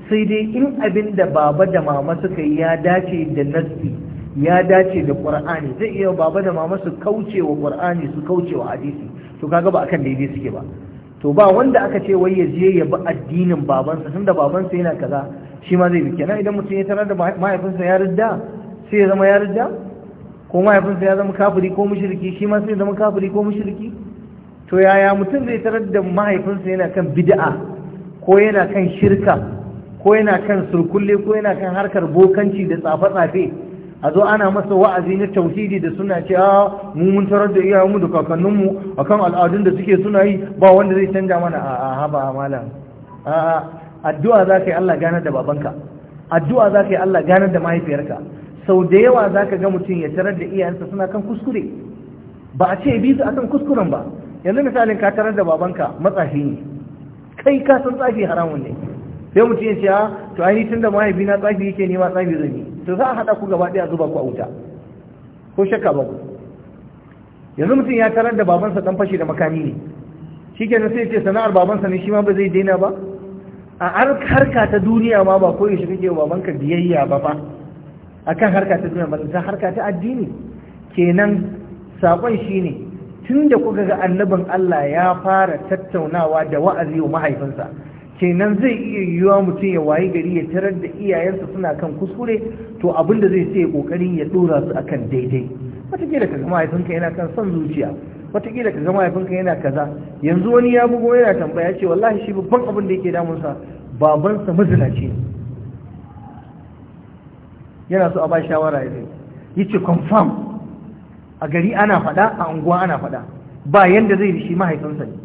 sai dai in abin da baba da mama suka yi ya dace da nasti ya dace da ƙur'ani zai iya baba da mama su kauce wa ƙur'ani su kauce wa hadisi to kaga ba akan daidai suke ba to ba wanda aka ce wai ya je ya bi addinin babansa tun da babansa yana kaza shi ma zai bi idan mutum ya tarar da mahaifinsa ya ridda sai ya zama ya ridda ko mahaifinsa ya zama kafiri ko mushriki shi ma sai ya zama kafiri ko mushriki to yaya mutum zai tarar da mahaifinsa yana kan bid'a ko yana kan shirka ko yana kan surkulle ko yana kan harkar bokanci da tsafe-tsafe a zo ana masa wa'azi na tauhidi da suna ce a ah, mu mun tarar da iyayenmu da kakanninmu akan al'adun da suke suna yi ba wanda zai canja mana a haba malam addu'a za ka yi Allah ganar da babanka addu'a za ka yi Allah ganar da mahaifiyarka sau da yawa za ka ga mutum ya tarar da iyayensa suna kan kuskure ba a ce bi su akan kuskuren ba yanzu misalin ka tarar da babanka matsafi ne kai ka san tsafi haramun ne sai mutum ya ce a ah, to ainihin tun da mahaifi na tsafi yake nema tsafi zami to za a haɗa ku gaba ɗaya zuba ku a wuta ko shakka ba ku yanzu mutum ya tarar da babansa ɗan fashi da makami ne shi kenan sai ce sana'ar babansa ne shi ma ba zai daina ba a harka ta duniya ma ba ko yaushe kake babanka biyayya ba ba kan harka ta duniya ba ta harka ta addini kenan sakon shine da kuka ga annabin Allah ya fara tattaunawa da wa'azi wa mahaifinsa kenan zai iya yiwuwa mutum ya wayi gari ya tarar da iyayensa suna kan kuskure to abin da zai sai kokari ya dora su akan daidai wataƙila ka gama haifinka yana kan son zuciya wataƙila ka gama haifinka yana kaza yanzu wani ya bugo yana tambaya ce wallahi shi babban abin da yake damunsa babansa mazinaci ne yana so a ba shawara ya zai yi confirm a gari ana faɗa a unguwa ana faɗa ba yanda zai shi mahaifinsa ne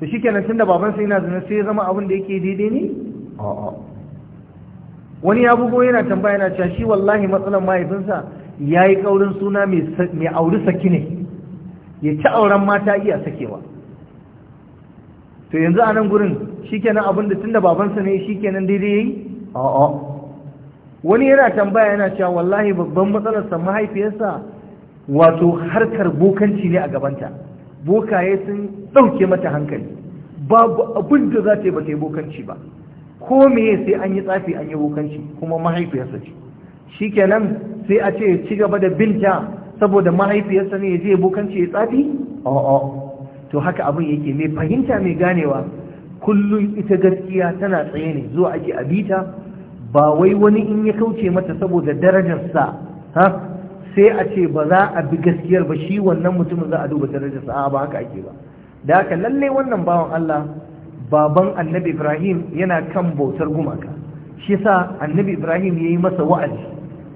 to shikenan tunda babansa yana zina sai ya zama abin da yake daidai ne a'a wani ya bugo yana tambaya yana cewa shi wallahi matsalan mahaifinsa ya yi kaurin suna mai auri saki ne ya ci auren mata iya sakewa to yanzu a nan gurin shikenan abin da tunda babansa ne shikenan daidai yayi a'a wani yana tambaya yana cewa wallahi babban matsalarsa mahaifiyarsa wato harkar bokanci ne a gabanta bokaye sun ɗauke mata hankali babu abin da za ta yi ba ta yi bokanci ba ko meye sai an yi tsafi an yi bokanci kuma mahaifiyarsa ce shi kenan sai a ce ci gaba da binta saboda mahaifiyarsa ne ya je bokanci ya tsafi Oo. to haka abin yake mai fahimta mai ganewa kullum ita gaskiya tana tsaye ne zuwa ake abita ba wai wani in ya kauce mata saboda darajarsa ha sai a ce ba za a bi gaskiyar ba shi wannan mutumin za a duba darajar sa ba haka ake ba da haka lalle wannan bawan Allah baban annabi Ibrahim yana kan bautar gumaka shi sa annabi Ibrahim ya yi masa wa'azi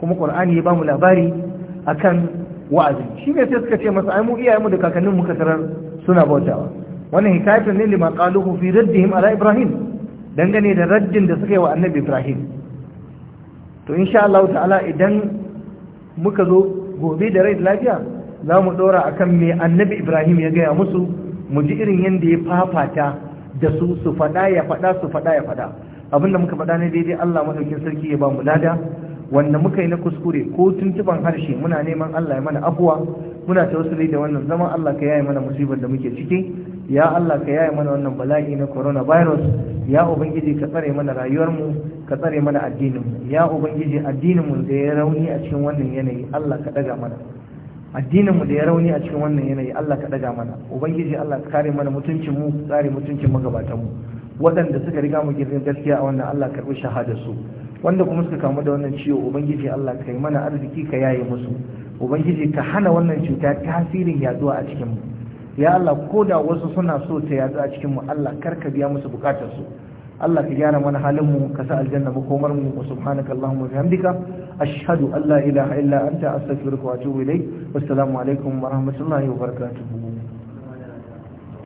kuma Qur'ani ya bamu labari akan wa'azi shi ne sai suka ce masa ai mu iyayenmu da kakannin mu tarar suna bautawa wannan hikayatun ne lima qaluhu fi raddihim ala Ibrahim dangane da raddin da suka yi wa annabi Ibrahim to insha Allah ta'ala idan muka zo gobe da rai lafiya za mu ɗora a kan mai annabi ibrahim ya gaya musu mu ji irin yadda ya fafata da su su faɗa ya faɗa su faɗa ya faɗa abinda muka faɗa ne daidai allah maɗaukin sarki ya ba mu lada wanda muka yi na kuskure ko tuntuban harshe muna neman Allah ya mana afuwa muna tausali da wannan zama Allah ka yaye mana musibar da muke ciki ya Allah ka yaye mana wannan bala'i na coronavirus ya ubangiji ka tsare mana rayuwarmu ka tsare mana addininmu ya ubangiji addininmu da ya rauni a cikin wannan yanayi Allah ka daga mana addininmu da ya rauni a cikin wannan yanayi Allah ka daga mana ubangiji Allah ka kare mana mutuncinmu tsare mutuncin magabatanmu waɗanda suka riga mu girin gaskiya a wannan Allah karɓi shahada su wanda kuma suka kamu da wannan ciwo ubangiji Allah kai mana arziki ka yaye musu ubangiji ka hana wannan cuta tasirin yaduwa a cikin mu ya Allah ko da wasu suna so ta yadu a cikin mu Allah kar ka biya musu bukatar su Allah ka gyara mana halin mu ka sa aljanna makomar mu wa subhanaka allahumma wa bihamdika ashhadu an la ilaha illa anta astaghfiruka wa atubu ilayk wassalamu alaikum wa rahmatullahi wa barakatuh